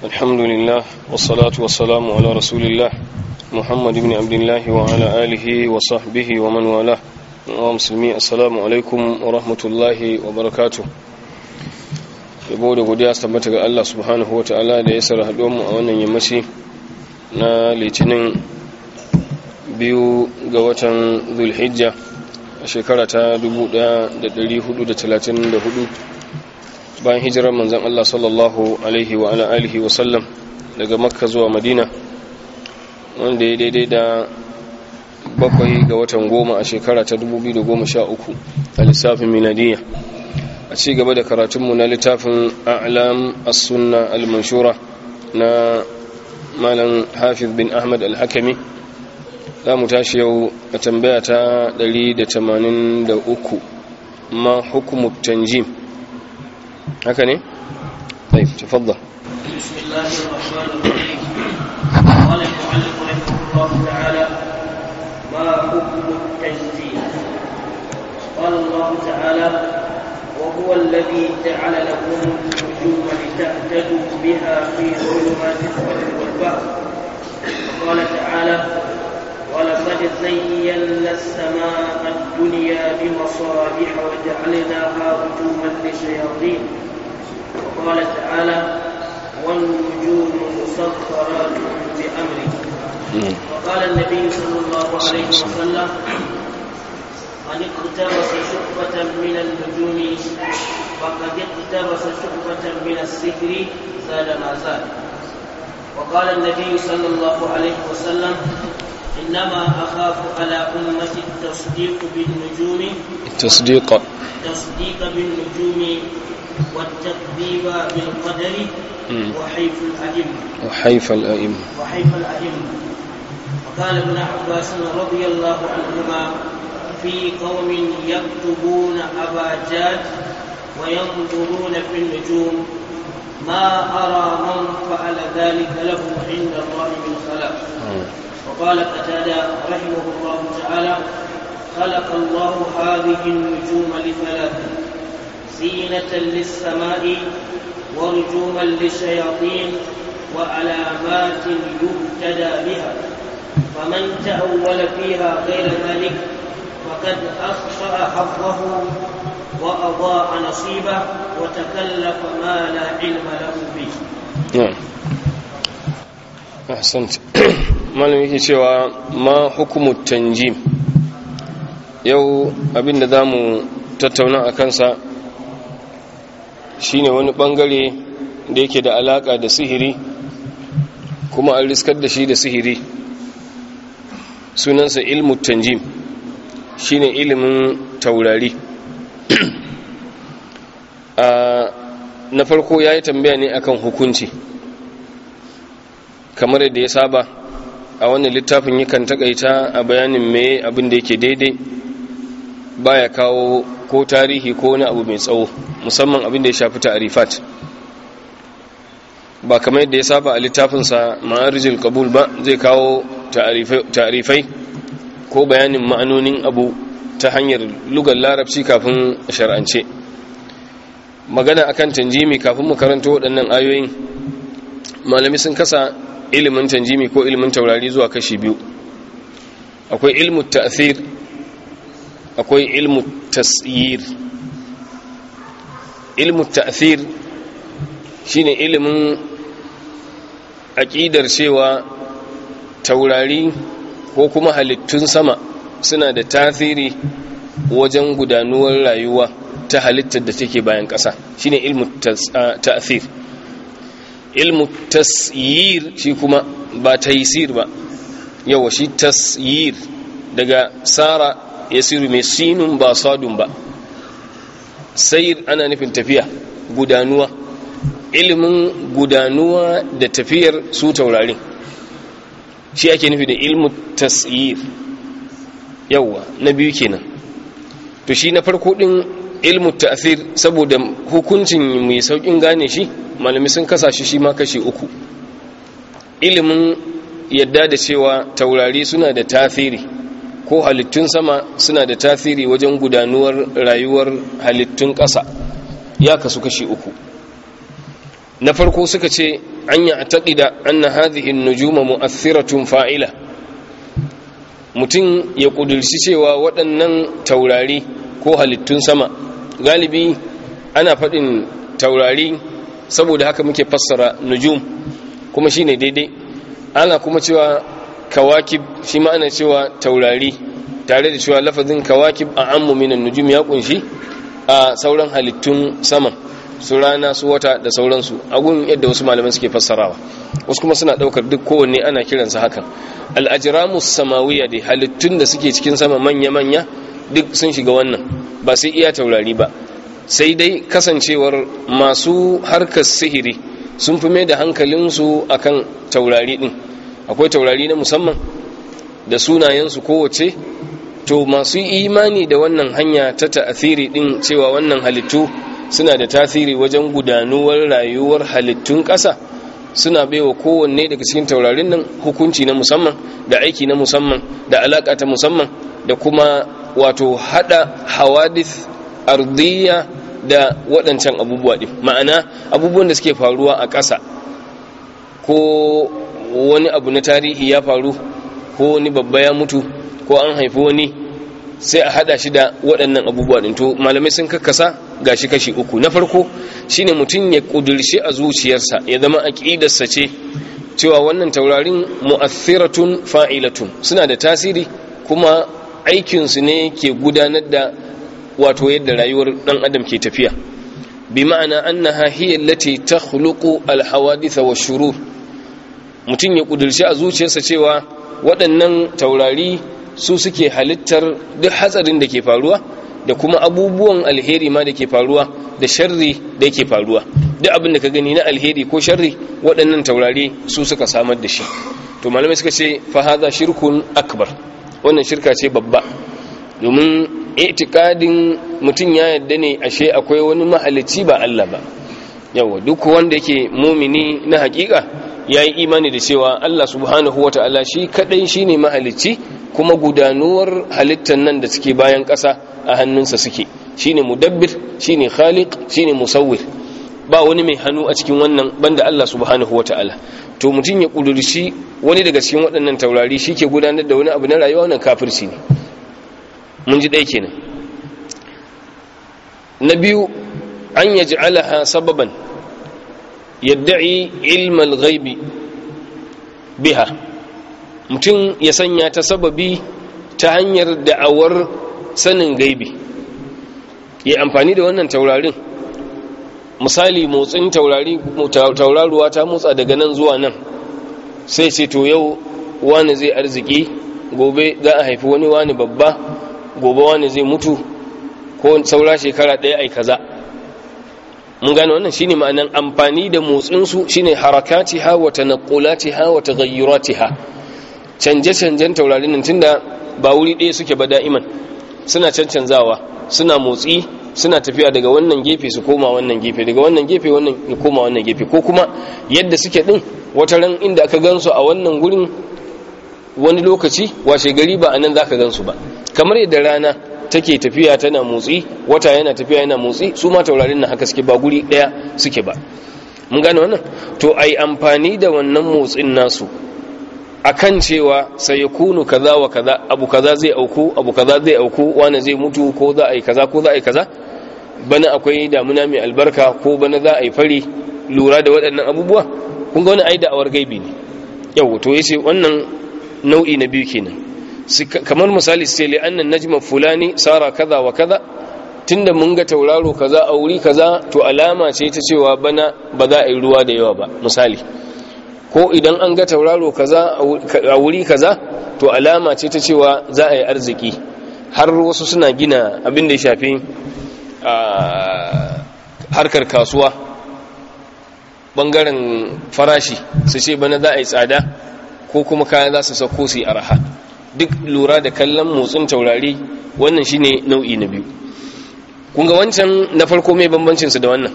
الحمد لله والصلاة ala على muhammad الله محمد بن عبد الله وعلى آله وصحبه ومن والاه ومسلمي السلام عليكم ورحمة الله وبركاته da godiya su tabbata ga Allah subhanahu wa ta'ala da ya sarra mu a wannan yammaci na litinin biyu ga watan zulhijja a shekara ta 1434 bayan hijirar manzan Allah sallallahu alaihi wa alihi wa sallam daga makka zuwa madina wanda ya daidai da bakwai ga watan goma a shekara ta 2013 a lissafin minadiyya a ci gaba da karatunmu na littafin a'lam as-sunna al-manshura na malam hafiz bin ahmad al-hakami za mu tashi yau a tambaya ta 183 ma hukumu tanjim هكا طيب تفضل بسم الله الرحمن الرحيم قال المعلم رحمه الله تعالى ما حكم التجزيه قال الله تعالى وهو الذي جعل لكم النجوم لتهتدوا بها في ظلمات البر والبحر قال تعالى ولقد زينا السماء الدنيا بمصابيح وجعلناها رجوما للشياطين وقال تعالى والنجوم مسخرات بأمره نعم. وقال النبي صلى الله عليه وسلم من اقتبس شعبة من النجوم وقد اقتبس شعبة من السحر زاد ما زاد وقال النبي صلى الله عليه وسلم إنما أخاف على أمتي التصديق بالنجوم التصديق التصديق بالنجوم والتكذيب بالقدر وحيف الأئمة وحيف الأئمة وحيف الأئمة وقال ابن عباس رضي الله عنهما في قوم يكتبون أباجات وينظرون في النجوم ما أرى من فعل ذلك له عند الله من خلق وقال قتادة رحمه الله تعالى خلق الله هذه النجوم لثلاث زينة للسماء ورجوما للشياطين وعلامات يهتدى بها فمن تأول فيها غير ذلك فقد أخطأ حظه وأضاع نصيبه وتكلف ما لا علم له به نعم أحسنت malam yake cewa ma hukumu tanjim yau abinda za mu tattauna a kansa shine wani bangare da yake da alaka da sihiri kuma an riskar da shi da sihiri sunansa ilmu tanjim shine ilimin taurari na farko ya yi tambaya ne akan hukunci kamar yadda ya saba a wannan littafin yakan takaita a bayanin me abin da yake daidai baya kawo ko tarihi ko wani abu mai tsawo musamman abin da ya shafi ta'arifat. ba kamar yadda ya saba a littafinsa ma'arijin kabul ba zai kawo ta'arifai ko bayanin ma'anonin abu ta hanyar lugar larabci kafin shar'ance magana akan tanjimi kafin mu karanta waɗannan ayoyin malami sun kasa ilimin tanjimi ko ilimin taurari zuwa kashi biyu akwai ilmu ta'athir akwai ilmu tasyir ilmu shi shine ilimin aqidar cewa taurari ko kuma halittun sama suna da tasiri wajen gudanuwar rayuwa ta halittar da take bayan ƙasa shine ilmu ta'thir ilmu tasyir shi kuma ba taysir ba yawa shi tasyir daga sara yasiru mai sinun ba sadun ba sayir ana nufin tafiya gudanuwa ilmin gudanuwa da tafiyar su taurari shi ake nufi da ilmu tasyir yawa na biyu kenan to shi na farko din ilmu ta'asir saboda hukuncin mai saukin gane shi malami sun kasa shi ma kashi uku ilimin yadda da cewa taurari suna da tasiri ko halittun sama suna da tasiri wajen gudanuwar rayuwar halittun ƙasa ya kasu kashi uku na farko suka ce an a taƙida an na nujuma mu'assiratun fa'ila mutum ya ƙudurci cewa waɗannan taurari ko halittun sama galibi ana faɗin taurari saboda haka muke fassara nujum kuma shine daidai ana kuma cewa kawakib shi ma cewa taurari tare da cewa lafazin kawakib a ammu minan nujum ya kunshi a sauran halittun sama su rana su wata da sauransu agun yadda wasu malaman suke fassarawa wasu kuma suna daukar duk kowanne ana kiransa hakan al'ajiramus samawiya da halittun da suke cikin sama manya-manya duk sun shiga wannan ba sai iya taurari ba sai dai kasancewar masu harkar sihiri sun fi mai da hankalinsu kan taurari ɗin akwai taurari na musamman da sunayensu kowace to masu imani da wannan hanya ta ta'athiri ɗin cewa wannan halittu suna da tasiri wajen gudanuwar rayuwar halittun ƙasa suna baiwa kowanne daga cikin taurarin nan hukunci na musamman da aiki na musamman da alaka ta musamman da kuma wato hada hawadith ardiya da waɗancan abubuwa ɗin ma'ana abubuwan da suke faruwa a ƙasa ko wani abu na tarihi ya faru ko wani babba ya mutu ko an haifi wani sai a hada shi da waɗannan abubuwa din to malamai sun kakkasa gashi kashi uku na farko shine mutum ya kudirce a zuciyarsa ya zama aqidarsa ce cewa wannan taurarin mu'assiratun fa'ilatun suna da tasiri kuma aikinsu ne ke gudanar da wato yadda rayuwar ɗan adam ke tafiya bi ma'ana annaha hiya allati takhluqu alhawadith wa shurur mutum ya kudirce a zuciyarsa cewa waɗannan taurari su suke halittar duk hatsarin da ke faruwa da kuma abubuwan alheri ma da ke faruwa da sharri da ke faruwa duk abin da ka gani na alheri ko sharri waɗannan taurari su suka samar da shi to malamai suka ce fahaza shirkun akbar wannan shirka ce babba domin itikadin mutum ya yadda ne ashe akwai wani mahalici ba Allah ba yawa duk wanda yake mumini na hakika ya yi imani da cewa Allah subhanahu wata'ala shi kadai shi ne mahalicci kuma gudanuwar halittar nan da suke bayan kasa a hannunsa suke shi ne mudabbir shi ne khaliq shi ne musawwir ba wani mai hannu a cikin wannan banda Allah subhanahu wata'ala to mutum ya ƙudurci wani daga cikin waɗannan taurari shi ke gudanar da wani abu na rayuwa wannan kafirci ne mun ji ɗai kenan na biyu an yaji alaha sababan yadda'i ilmal ghaibi biha mutum ya sanya ta sababi ta hanyar da'awar sanin gaibi ya amfani da wannan taurarin misali motsin taurari tauraruwa ta motsa daga nan zuwa nan sai ce to yau wani zai arziki gobe za a haifi wani wani babba gobe wani zai mutu ko saura shekara ɗaya yi kaza mun gane wannan shine ma'anan amfani da motsin su shine harakatiha wa tanaqqulatiha wa taghayyuratiha canje canjen taurarin nan tunda ba wuri ɗaya suke ba da'iman suna cancanzawa suna motsi suna tafiya daga wannan gefe su koma wannan gefe daga wannan gefe wannan ya koma wannan gefe ko kuma yadda suke din wata ran inda aka gansu a wannan gurin wani lokaci washe gari ba anan zaka gansu ba kamar yadda rana take tafiya tana motsi wata yana tafiya yana motsi su ma taurarin nan haka suke ba guri ɗaya suke ba mun gane wannan to ai amfani da wannan motsin nasu akan cewa sai ya kunu kaza wa kaza abu kaza zai auku abu kaza zai auku wani zai mutu ko za a yi kaza ko za a yi kaza bana akwai damuna mai albarka ko bana za a yi fari lura da waɗannan abubuwa kun ga wani ai da'awar gaibi ne yau to yace wannan nau'i na biyu kenan kamar misali su ce li'annan najma fulani sara kaza wa kaza tunda mun ga tauraro kaza a wuri kaza to alama ce ta cewa bana ba za a yi ruwa da yawa ba misali ko idan an ga tauraro kaza a wuri kaza to alama ce ta cewa za a yi arziki har wasu suna gina abin da ya shafi a harkar kasuwa bangaren farashi su ce bana za a yi tsada ko kuma kayan za su sauko su yi araha duk lura da kallon motsin taurari wannan shine nau'i na biyu kun ga wancan na farko mai bambancinsu da wannan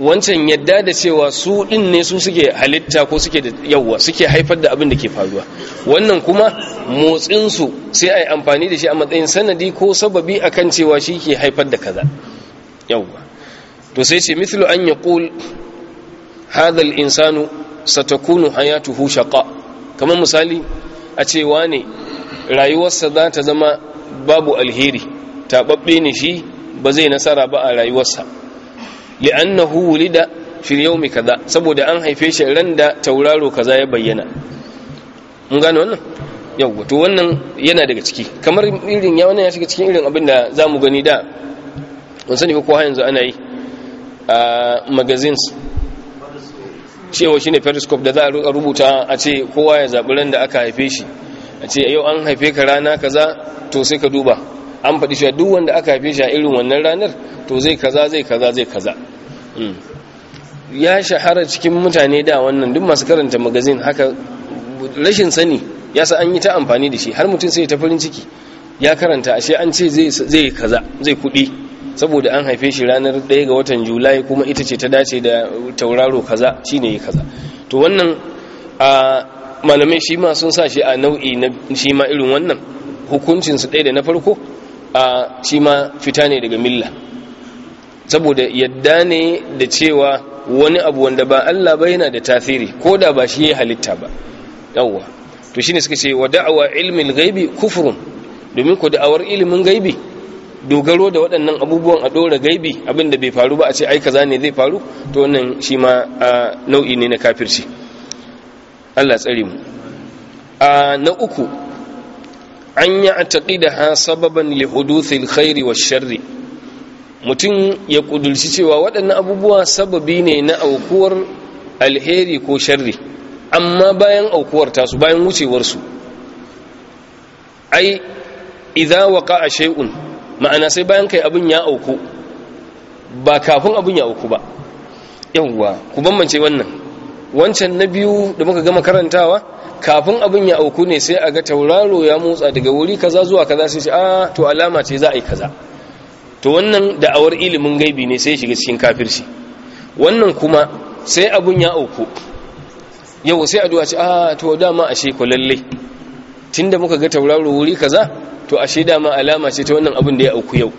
wancan yadda da cewa su ɗin ne su suke halitta ko suke da yawwa suke haifar da abin da ke faruwa wannan kuma motsinsu sai a yi amfani da shi a matsayin sanadi ko sababi a kan cewa shi ke haifar da kaza yawwa to sai ce mithlu an yi ƙul hadal insanu satakunu hayatuhu shaƙa. kamar misali a ce wane rayuwarsa za ta zama babu alheri taɓaɓɓe ne shi ba zai nasara ba a rayuwarsa huwuli da fil mai kaza saboda an haife shi ran da tauraro kaza ya bayyana mun gano wannan yau to wannan yana daga ciki kamar irin ya wannan ya shiga cikin irin abin da mu gani da mun sani ko yanzu ana yi a magazines cewa shine periscope da za a rubuta a ce kowa ya zaɓi ran da aka haife shi a ce yau an haife ka rana kaza to sai ka duba an faɗi shi duk wanda aka haife shi a irin wannan ranar to zai kaza zai kaza zai kaza hmm. ya shahara cikin mutane da wannan duk masu karanta magazin haka rashin sani ya sa an yi ta amfani da shi har mutum sai ta farin ciki ya karanta ashe an ce zai kaza zai kuɗi saboda an haife shi ranar 1 ga watan julai kuma ita ce ta dace da tauraro kaza shine yi kaza to wannan a malamai shi ma sun sa shi a nau'i na shi ma irin wannan hukuncinsu ɗaya da na farko a shi ma fita ne daga milla saboda yadda ne da cewa wani abu wanda ba Allah ba yana da tasiri ko da ba shi ya halitta ba yawwa to shi ne suka ce wa da'awa ilmin gaibi kufurun domin ku da'awar ilimin gaibi dogaro da waɗannan abubuwan a ɗora gaibi abin da bai faru ba a ce ai kaza ne zai faru to wannan shi ma nau'i ne na kafirci Allah tsare mu a na uku an yi a da ha sababan lihuduthil khairi wa sharri mutum ya ƙudulci cewa waɗannan abubuwa sababi ne na aukuwar alheri ko sharri amma bayan aukuwar tasu bayan wucewarsu ai waka a she'un. ma'ana sai bayan kai abin ya auku ba kafin abin ya auku ba yawwa ku bambance wannan wancan na biyu da muka gama karantawa kafin abin ya auku ne sai a ga tauraro ya motsa daga wuri kaza zuwa kaza sai shi a ah, to alama ce za a yi kaza to wannan da'awar ilimin gaibi ne sai shiga cikin kafirci wannan kuma sai abun ya auku yau sai a duwaci a to dama ashe ku lalle da muka ga tauraro wuri kaza to ashe dama alama ce ta wannan abin da ya auku yau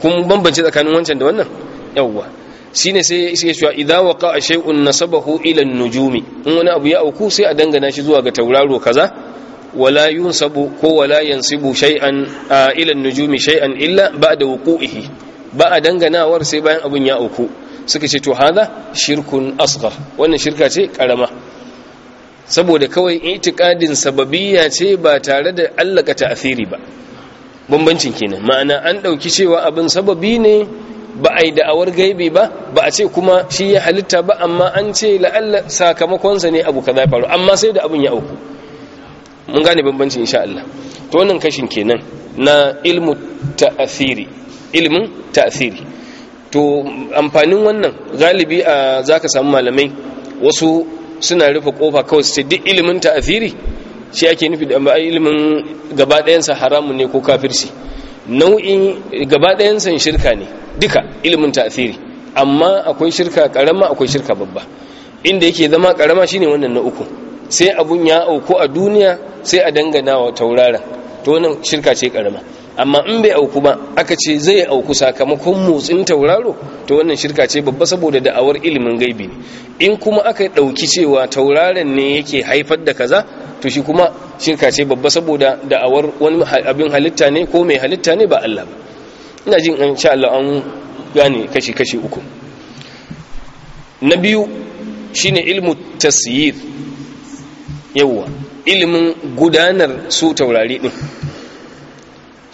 kun bambance tsakanin wancan da wannan yawwa shine sai ya cewa idza waqa shay'un nasabahu ila an-nujumi in wani abu ya auku sai a dangana shi zuwa ga tauraro kaza wala yunsabu ko wala yansibu shay'an ila an-nujumi shay'an illa ba'da wuqu'ihi ba a danganawar sai bayan abun ya auku suka ce to hada shirkun asghar wannan shirka ce karama saboda kawai itikadin sababiyya ce ba tare da allaka ta'asiri ba bambancin kenan ma'ana an dauki cewa abin sababi ne ba a yi da'awar gaibi ba ba a ce kuma shi ya halitta ba amma an ce la'alla sakamakonsa ne abu kaza faru amma sai da abin ya auku mun gane bambancin insha Allah to wannan kashin kenan na ilmu ta'asiri, ilmin ta'asiri to amfanin wannan galibi a zaka samu malamai wasu suna rufe kofa kawai su ce duk ilimin ta'athiri shi ake nufi da ilimin gaba haramun ne ko kafirsi. nau'in gaba shirka ne duka ilimin ta'athiri amma akwai shirka karama akwai shirka babba inda yake zama karama shine wannan na uku sai abun ya auku a duniya sai a dangana wa tauraron to wannan shirka ce karama amma in bai auku ba aka ce zai auku sakamakon motsin tauraro to wannan shirka ce babba saboda da'awar ilimin gaibi ne in kuma aka ɗauki cewa tauraron ne yake haifar da kaza to shi kuma shirka ce babba saboda da'awar wani abin halitta ne ko mai halitta ne ba Allah ina jin in sha Allah an gane kashi kashi uku na biyu shine ilmu tasyir yawa ilimin gudanar su taurari din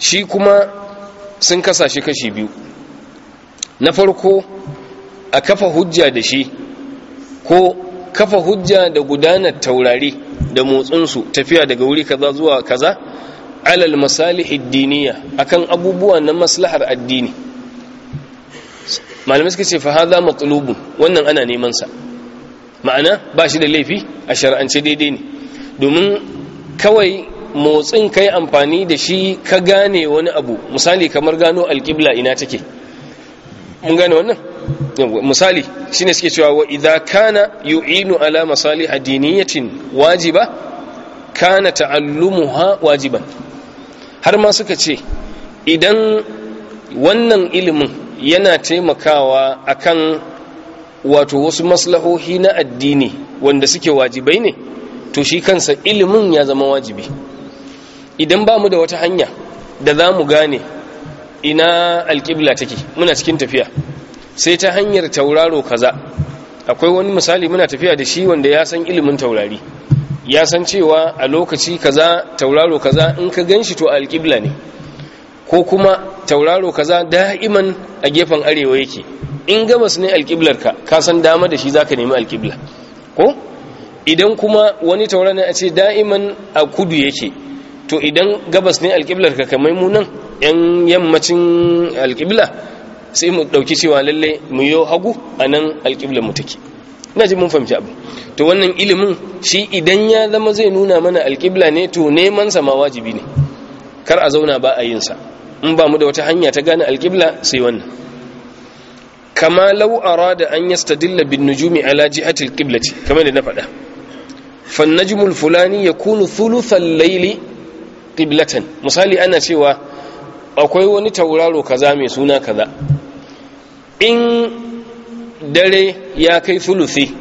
shi kuma sun kasa shi kashi biyu na farko a kafa hujja da shi ko kafa hujja da gudanar taurari da motsinsu tafiya daga wuri kaza zuwa kaza alal masalihi diniya akan abubuwa na maslahar addini malamai suka ce fa haza matlubun wannan ana neman sa ma'ana ba shi da laifi a shar'ance daidai ne domin kawai motsin kai amfani da shi ka gane wani abu misali kamar gano alƙibla ina take mun gane wannan misali shine suke cewa wa idza kana yu'inu ala masalih adiniyatin wajiba kana ta'allumuha wajiban har ma suka ce idan wannan ilimin yana taimakawa akan wato wasu maslahohi na addini wanda suke wajibai ne to shi kansa ilimin ya zama wajibi idan ba mu da wata hanya da za mu gane ina alƙibla take muna cikin tafiya sai ta hanyar tauraro kaza akwai wani misali muna tafiya da shi wanda ya san ilimin taurari ya san cewa a lokaci kaza tauraro kaza in ka ganshi to alƙibla ne ko kuma tauraro kaza da'iman a gefen arewa yake in gabas ne alƙiblar ka ka san dama da shi zaka nemi alƙibla ko idan kuma wani taurari a ce da'iman a kudu yake to idan gabas ne alƙiblar ka kamar munan yan yammacin alƙibla sai mu ɗauki cewa lalle mu yi hagu a nan alƙiblar mutake na ji mun fahimci abu to wannan ilimin shi idan ya zama zai nuna mana alƙibla ne to neman sa ma wajibi ne kar a zauna ba a yin sa in ba mu da wata hanya ta gane alƙibla sai wannan kama lau arada an yastadilla bin nujumi ala jihatil qiblati kamar da na faɗa fannajimul fulani ya fulani yakunu thuluthal layli qiblatan misali ana cewa akwai wani tauraro kaza mai suna kaza in dare ya kai thuluthi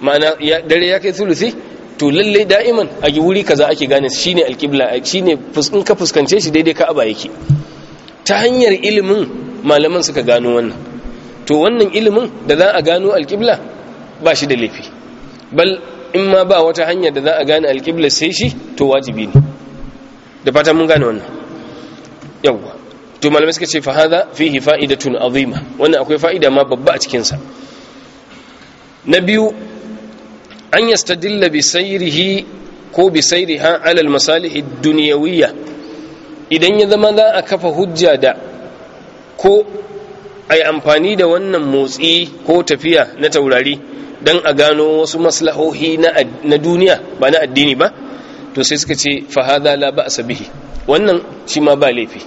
ma'ana dare ya kai thuluthi to lalle da'iman a wuri kaza ake gane shine alqibla shine in ka fuskance shi daidai ka'aba yake ta hanyar ilimin malaman suka gano wannan to wannan ilimin da za a gano alqibla ba shi da laifi bal in ma ba wata hanyar da za a gane alqibla sai shi to wajibi ne da fata mun gane wannan yawwa to malamai suka ce fa hadha fihi fa'idatun azima wannan akwai fa'ida ma babba a cikin sa na biyu an yastadilla bi sayrihi ko bi sayriha ala al ad dunyawiyya idan ya zama za a kafa hujja da ko ai amfani da wannan motsi ko tafiya na taurari don a gano wasu maslahohi na duniya ba na addini ba to sai suka ce fahada la ba bihi wannan shi ma ba laifi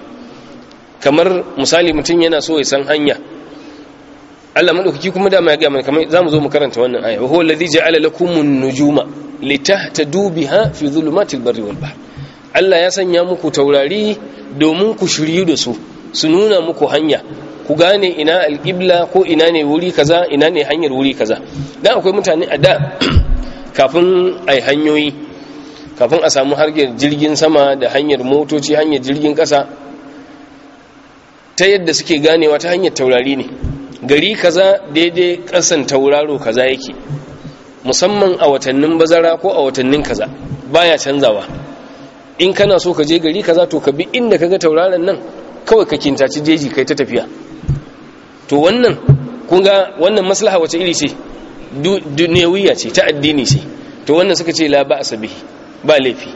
kamar misali mutum yana so ya san hanya Allah madaukaki kuma da ya ga mana kamar zamu zo mu karanta wannan aya wa huwa allazi ja'ala lakumun nujuma litahtadu biha fi dhulumatil barri wal bahr Allah ya sanya muku taurari domin ku shiryu da su su nuna muku hanya ku gane ina alqibla ko ina ne wuri kaza ina ne hanyar wuri kaza dan akwai mutane a da kafin ai hanyoyi kafin a samu harkar jirgin sama da hanyar motoci hanyar jirgin kasa ta yadda suke ganewa ta hanyar taurari ne gari kaza daidai kasan tauraro kaza yake musamman a watannin bazara ko a watannin kaza baya canzawa in kana so ka je gari kaza to ka bi inda kaga tauraron nan kawai ka kintaci jeji kai ta tafiya to wannan kun ga wannan maslaha wace iri ce duniyawiya ce ta addini ce to wannan suka ce la ba asabihi ba laifi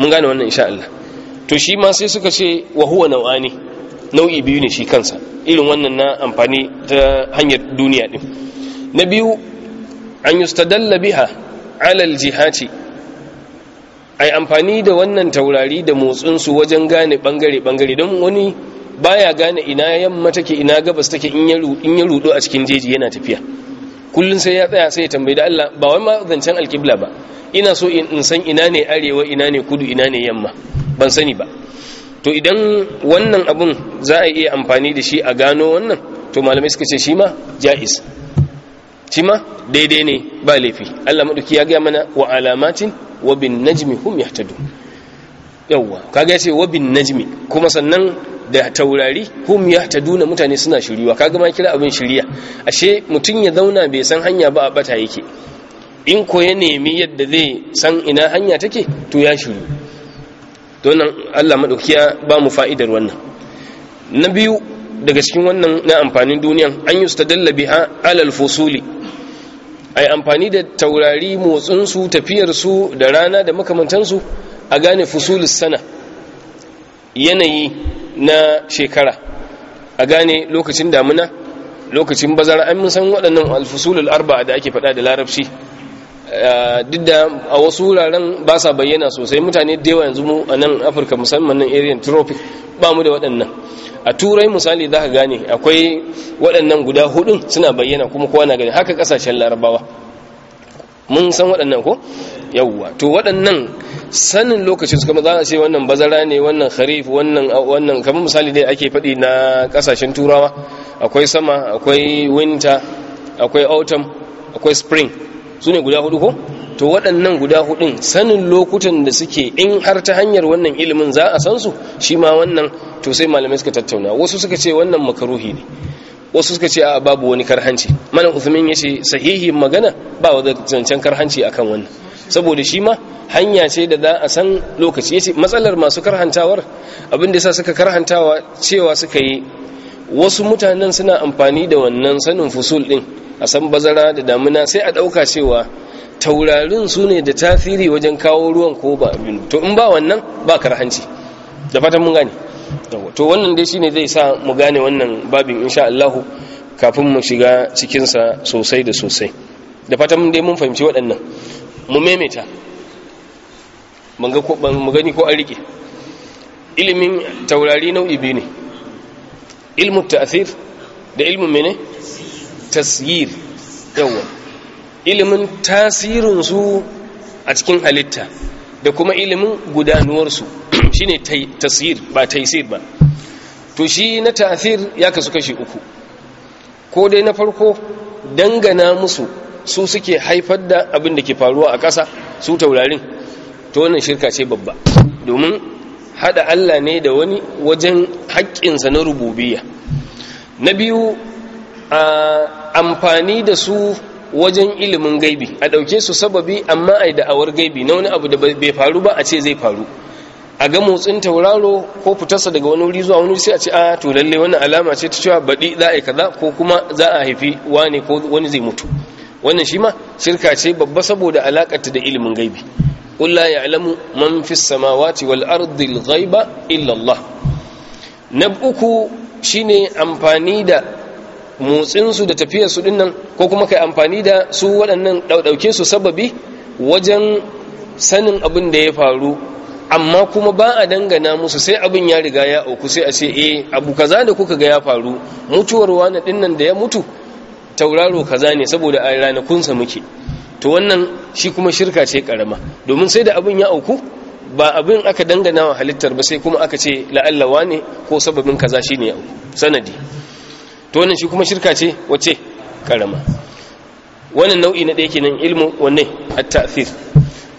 mun gane wannan insha Allah to shi ma sai suka ce wa huwa nau'ani nau'i biyu ne shi kansa irin wannan na amfani ta hanyar duniya din na biyu an yustadalla biha ala aljihati ai amfani da wannan taurari da motsin su wajen gane bangare bangare don wani baya gane ina yamma take ina gabas take in ya rudu a cikin jeji yana tafiya Kullum sai ya tsaya sai ya tambayi da Allah ba wai ma zancen alkibla ba ina so in san ina ne arewa ina ne kudu ina ne yamma ban sani ba to idan wannan abun za a iya amfani da shi a gano wannan to malamai suka ce shi ma ja'iz shi ma daidai ne ba laifi Allah maduki ya ga mana wa alamatin wa bin najmi hum yahtadun yawwa kaga yace wa bin najmi kuma sannan da taurari hum duna mutane suna shiriwa kaga ma kira abin shiriya ashe mutun ya zauna bai san hanya ba a bata yake in ko ya nemi yadda zai san ina hanya take to ya shiru don Allah madaukiya ba mu fa'idar wannan na biyu daga cikin wannan na amfanin duniyan an yustadalla biha alal fusuli a yi amfani da taurari motsinsu tafiyarsu da rana da makamantansu a gane fusulus sana yanayi na shekara a gane lokacin damuna lokacin bazara an san waɗannan alfusulul arba'a da ake faɗa da larabci Eh, duk da a wasu wuraren ba sa bayyana sosai mutane da yawa yanzu mu a nan afirka musamman nan area tropic ba mu da waɗannan a turai misali za ka gane akwai waɗannan guda hudun suna bayyana kuma kowa na gani haka ƙasashen larabawa mun san waɗannan ko yawwa to waɗannan sanin lokacin su kama za a ce wannan bazara ne wannan kharif wannan wannan kamar misali dai ake faɗi na ƙasashen turawa akwai sama akwai winter akwai autumn akwai spring su ne guda hudu ko to waɗannan guda hudun sanin lokutan da suke in har ta hanyar wannan ilimin za a san su shi ma wannan to sai malamai suka tattauna wasu suka ce wannan makaruhi ne wasu suka ce a babu wani karhanci malam uthman ya ce sahihin magana ba wa zancen karhanci akan wannan saboda shi ma hanya ce da za a san lokaci ya matsalar masu karhantawar abin da sa suka karhantawa cewa suka yi wasu mutanen suna amfani da wannan sanin fusul din a san bazara da damina sai a ɗauka cewa taurarin su ne da tasiri wajen kawo ruwan ko ba abinu to in ba wannan ba karhanci da fatan mun gane to wannan dai shine zai sa mu gane wannan babin insha Allah kafin mu shiga cikin sa sosai da sosai da fatan mun dai mun fahimci waɗannan mu maimaita mun ga ko mu gani ko an rike ilimin taurari nau'i biyu ne ilmu ta'thir da ilmu mene Tasir yawa ilimin tasirinsu a cikin halitta da kuma ilimin gudanuwarsu shine tasir ba taisir ba to shi na tasir ya kasu kashi uku ko dai na farko dangana musu su suke haifar da abin da ke faruwa a ƙasa su taurarin to wannan shirka ce babba domin haɗa Allah ne da wani wajen haƙƙinsa na rububiya na biyu a amfani da su wajen ilimin gaibi a ɗauke su sababi amma a yi da'awar gaibi na wani abu da bai faru ba a ce zai faru a ga motsin tauraro ko fitarsa daga wani wuri zuwa wani sai a ce a ah, to lalle wannan alama ce ta cewa baɗi za a yi kaza ko kuma za a haifi wani ko wani zai mutu wannan shi ma shirka ce babba saboda alakarta da ilimin gaibi qul la ya'lamu man fis samawati wal ardi al ghaiba illa Allah na uku shine amfani da motsinsu da tafiyarsu dinnan ko kuma kai amfani da su waɗannan ɗauke su sababi wajen sanin abin da ya faru amma kuma ba a dangana musu sai abin ya riga ya auku sai a ce eh abu kaza da kuka ga ya faru mutuwar wani dinnan da ya mutu tauraro kaza ne saboda a ranakunsa muke to wannan shi kuma shirka ce karama domin sai da abin ya auku ba abin aka dangana wa halittar ba sai kuma aka ce la'allawa ne ko sababin kaza shine ya auku sanadi to wannan shi kuma shirka ce wace karama wannan nau'i na ɗaya kenan ilmu wanne at-ta'thir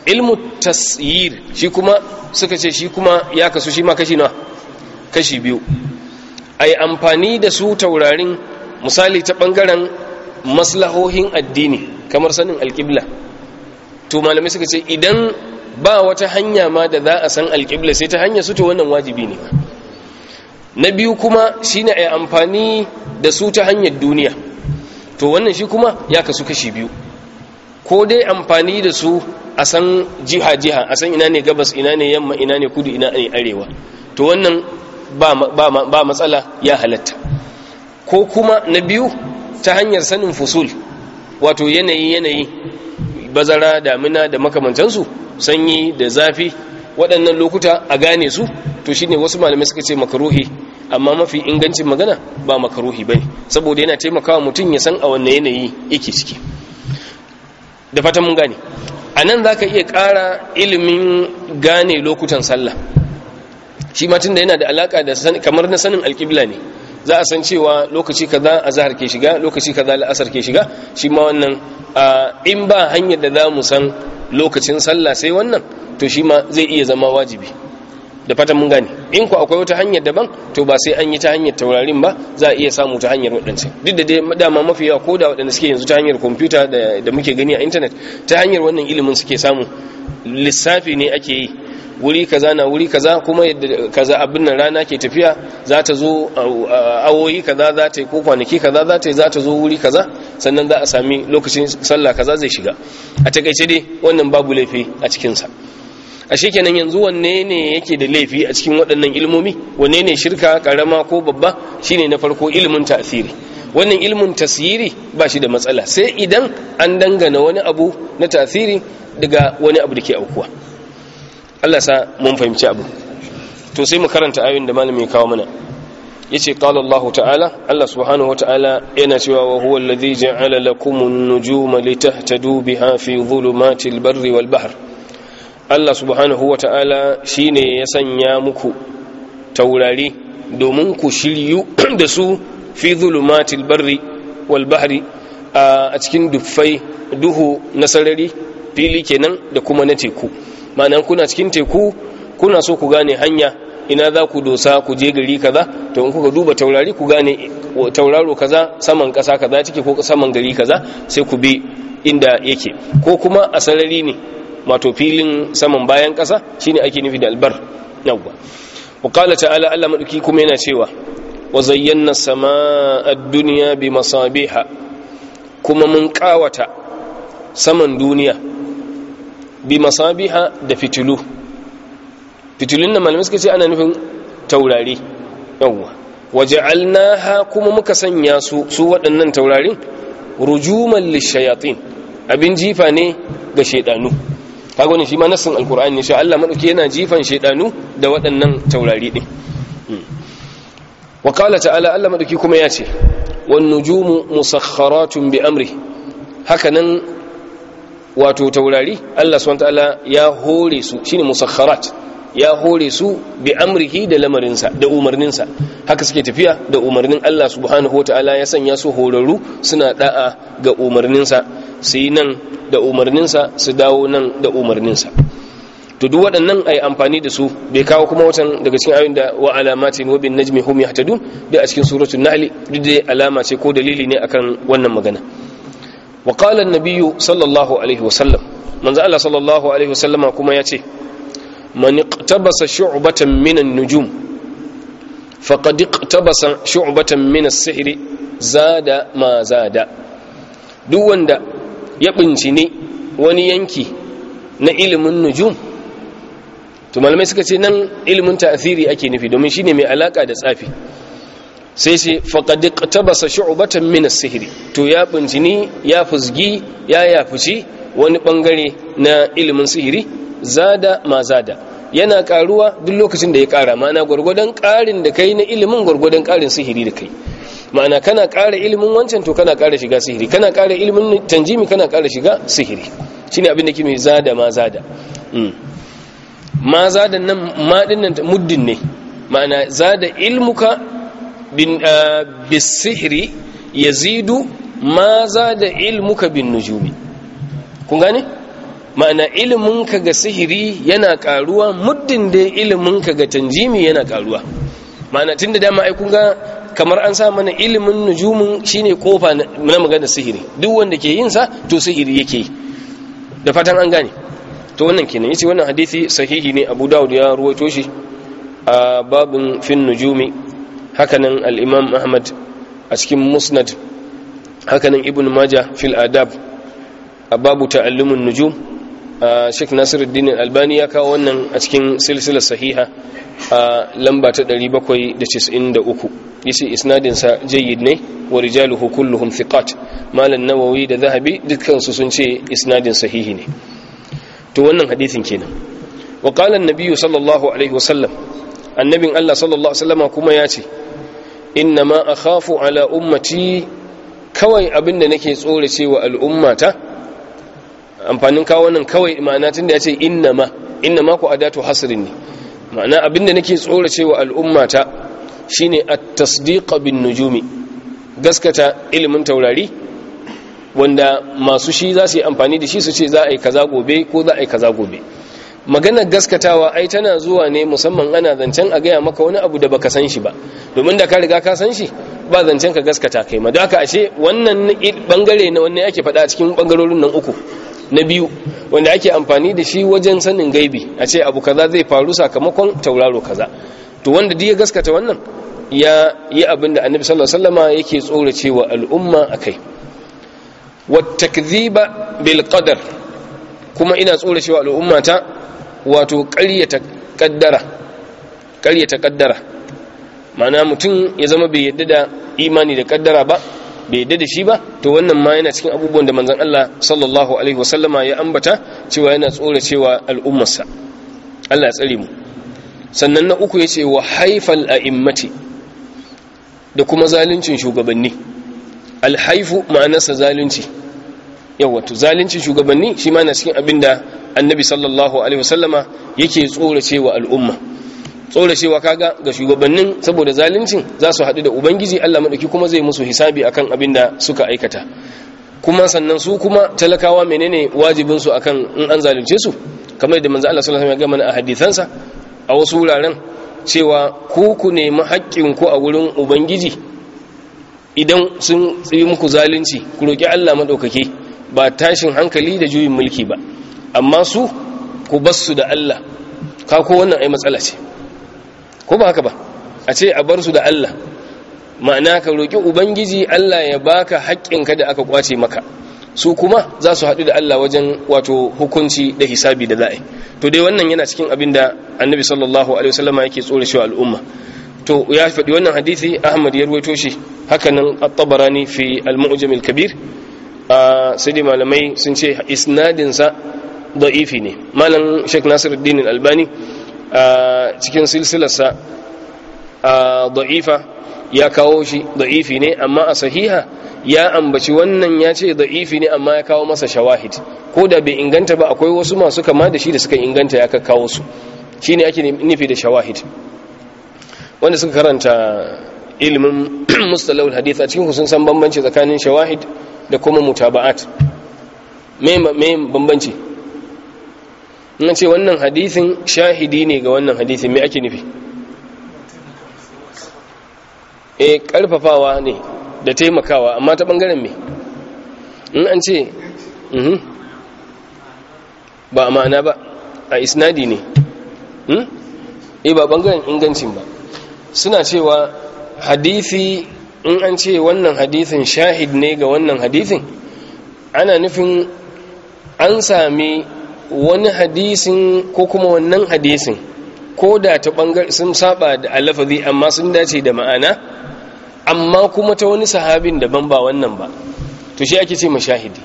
ilmu tasyir shi kuma suka ce shi kuma ya kasu shi ma kashi na kashi biyu ai amfani da su taurarin misali ta bangaren maslahohin addini kamar sanin alƙibla to malamai suka ce idan ba wata hanya ma da za a san alƙibla sai ta hanya su to wannan wajibi ne na biyu kuma shi a amfani da su ta hanyar duniya to wannan shi kuma ya kasu kashi biyu ko dai amfani da su a san jiha jiha a san ina ne gabas ina ne yamma ina ne kudu ina ne arewa to wannan ba matsala ya halatta ko kuma na biyu ta hanyar sanin fusul wato yanayi yanayi bazara damina da makamantansu sanyi da zafi waɗannan lokuta a gane su to shine wasu malamai suka ce makaruhi amma mafi ingancin magana ba makaruhi bane saboda yana taimakawa mutum ya san a wanne yanayi yake ciki da fatan mun gane a nan za ka iya ƙara ilimin gane lokutan sallah shi tun da yana da alaƙa da kamar na sanin alƙibla ne za a san cewa lokaci kaza azhar ke shiga lokaci kaza la'asar ke shiga shi ma wannan in ba hanyar da za mu san lokacin sallah sai wannan to shi ma zai iya zama wajibi da fatan mun gane in ku akwai wata hanyar daban to ba sai an yi ta hanyar taurarin ba za a iya samu ta hanyar waɗansu duk da dai dama mafi yawa ko da waɗanda suke yanzu ta hanyar kwamfuta da muke gani a intanet ta hanyar wannan ilimin suke samu lissafi ne ake yi wuri kaza na wuri kaza kuma yadda kaza abin nan rana ke tafiya za ta zo awoyi kaza za ta yi ko kwanaki kaza za ta yi za ta zo wuri kaza sannan za a sami lokacin sallah kaza zai shiga a takaice dai wannan babu laifi a cikinsa a kenan yanzu wanne ne yake da laifi a cikin waɗannan ilmomi wanne ne shirka karama ko babba shine na farko ilimin tasiri wannan ilmin tasiri ba shi da matsala sai idan an dangana wani abu na tasiri daga wani abu da ke aukuwa Allah sa mun fahimci abu to sai mu karanta ayoyin da malami ya kawo mana yace qala Allah ta'ala Allah subhanahu wa ta'ala yana cewa wa huwa alladhi ja'ala lakum an-nujuma litahtadu biha fi al barri wal bahr Allah subhanahu wa ta'ala shine ya sanya muku taurari domin ku shiryu da su fi al barri wal bahri a cikin dufai duhu na sarari fili kenan da kuma na teku ma'ana kuna cikin teku kuna so ku gane hanya ina za ku dosa ku je gari kaza to in kuka duba taurari ku gane tauraro kaza saman kasa kaza cike ko saman gari kaza sai ku bi inda yake ko kuma a sarari ne wato filin saman bayan kasa shine ake nufi da albar yawwa qala ta'ala الله مدكي kuma yana cewa wa zayyana samaa ad-dunya bi masabiha kuma mun kawata saman duniya bi masabiha da fitilu fitilun nan malamai suka ce ana nufin taurari yawwa waja'alnaha kuma muka sanya su su waɗannan taurarin rujuman lishayatin abin jifa ne ga shaidanu kaga wani shi ma nasin alkur'ani insha Allah madauki yana jifan shaidanu da waɗannan taurari din hmm. wa qala ta'ala Allah madauki kuma ya ce wan nujumu musakharatun bi amri hakanan wato taurari Allah subhanahu wataala ya hore su shine musakharat ya hore su bi amrihi da lamarinsa da umarninsa haka suke tafiya da umarnin Allah subhanahu wataala ya sanya su horarru suna da'a ga umarninsa su yi nan da umarninsa su dawo nan da umarninsa to duk waɗannan ai amfani da su bai kawo kuma watan daga cikin ayoyin da wa alamatin wa bin najmi hum yahtadun da a cikin suratul nahl duk da alama ce ko dalili ne akan wannan magana wa qala an-nabiyyu sallallahu alaihi wasallam manzo Allah sallallahu alaihi wasallama kuma yace man iqtabasa shu'batan min an-nujum faqad iqtabasa shu'batan min as-sihr zada ma zada duk wanda ya binci bincine wani yanki na ilimin nujum to malamai suka ce nan ilimin ta'asiri ake nufi domin shine mai alaka da tsafi sai ce faƙaɗi tabasa shu'ubatan min sihiri to ya bincini ya fusgi ya yafuci wani ɓangare na ilimin sihiri zada ma zada yana ƙaruwa duk lokacin da ya ƙara. ma'ana gwargwadon ƙarin da kai na ilimin gwargwadon ƙarin sihiri da kai ma'ana kana ƙara ilimin wancan to kana ƙara shiga sihiri kana ƙara ilimin tanjimi kana ƙara shiga sihiri shine abin da kime zada ma zada hmm. ma zada nan ma nan muddin ne ma'ana zada ilmuka Eh, bisihiri ya zidu ma za da ilmuka bin nujumi kun gane ma'ana iliminka ga sihiri yana karuwa muddin da iliminka ga tanjimi yana karuwa ma'ana tun da dama aikun ga kamar an sa mana ilimin nujumin shine kofa na magana sihiri duk wanda ke yin sa to sihiri yake yi da fatan an gane to wannan kenan yace wannan hadisi sahihi ne Abu Dawud ya ruwaito shi a babin fin nujumi hakanan al'imam ahmad a cikin musnad hakanan ibn maja fil adab a babu ta'allumin nujum a nasiru nasiruddin albani ya kawo wannan a cikin silsilar sahiha a lamba ta 793 yace isnadin sa jayyid ne wa rijaluhu kulluhum thiqat malan nawawi da zahabi dukkan sun ce isnadin sahihi ne to wannan hadisin kenan wa qala an-nabiy sallallahu alaihi wasallam annabin Allah sallallahu alaihi wasallama kuma ya ce inna ma akhafu ala ummati kawai abinda nake tsore cewa al'ummata amfanin kawo nan kawai ma'ana tunda yace inna ma inna ma ku adatu hasrin ne ma'ana abinda nake tsore cewa al'ummata shine at-tasdiq bin nujumi gaskata ilimin taurari wanda masu shi za su yi amfani da shi su ce za a yi kaza gobe ko za a yi kaza gobe maganar gaskatawa ai tana zuwa ne musamman ana zancen a gaya maka wani abu da baka san shi ba domin da ka riga ka san shi ba zancen ka gaskata kai ma don haka ashe wannan bangare na wannan ake faɗa a cikin bangarorin nan uku na biyu wanda ake amfani da shi wajen sanin gaibi a ce abu kaza zai faru sakamakon tauraro kaza to wanda duk ya gaskata wannan ya yi abin da annabi sallallahu alaihi wasallama yake tsoracewa al'umma akai wa takdhiba bil qadar kuma ina tsoracewa al'ummata wato ƙaryata ƙaddara ƙaryata ƙaddara mana mutum ya zama bai yadda da imani da ƙaddara ba bai yadda da shi ba to wannan ma yana cikin abubuwan da manzan Allah sallallahu alaihi wasallama ya ambata cewa yana tsore cewa al'ummarsa Allah ya tsare mu sannan na uku ya ce wa haifal a'immati da kuma zaluncin shugabanni alhaifu ma'anarsa zalunci Yau wato zalunci shugabanni shi ma na cikin abin da annabi sallallahu alaihi wasallama yake tsoracewa al'umma tsoracewa kaga ga shugabannin saboda zaluncin za su haɗu da ubangiji Allah maɗauki kuma zai musu hisabi akan abin da suka aikata kuma sannan su kuma talakawa menene wajibin su akan in an zalunce su kamar da manzo Allah sallallahu alaihi wasallam ya gama a hadisansa a wasu wuraren cewa ku ku nemi haƙƙin ku a wurin ubangiji idan sun tsi muku zalunci ku roki Allah maɗaukake ba tashin hankali da juyin mulki ba amma su ku basu da Allah ka ko wannan ai matsala ce ko ba haka ba a ce a bar su da Allah ma'ana ka roki ubangiji Allah ya baka haƙƙinka da aka kwace maka su kuma za su haɗu da Allah wajen wato hukunci da hisabi da zai to dai wannan yana cikin abin da annabi sallallahu alaihi wasallama yake tsore shi al'umma to ya faɗi wannan hadisi Ahmad ya ruwaito shi hakanan at-Tabarani fi al-Mu'jam al-Kabir sai malamai sun ce isnadinsa da'ifi ne malam sheik dinin albani cikin silsilarsa da'ifa ya kawo shi da'ifi ne amma a sahiha ya ambaci wannan ya ce da'ifi ne amma ya kawo masa shawahid ko da bai inganta ba akwai wasu masu kama da shi da suka inganta ya kawo su shi ne ake nufi da shawahid wanda suka karanta ilimin mustalahul hadith a cikin sun san bambanci tsakanin shawahid da kuma mutaba'at me bambanci na ce wannan hadisin shahidi ne ga wannan hadisin, me ake nufi e eh, karfafawa ne da taimakawa amma ta bangaren me in an ce mhm, ba a ma'ana ba a isnadi ne e ba bangaren ingancin ba suna cewa hadisi. in an ce wannan hadisin shahid ne ga wannan hadisin ana nufin an sami wani hadisin ko kuma wannan hadisin ko da ta bangar sun saba da alafazi amma sun dace da ma'ana amma kuma ta wani sahabin daban ba wannan ba to shi ake ce mashahidi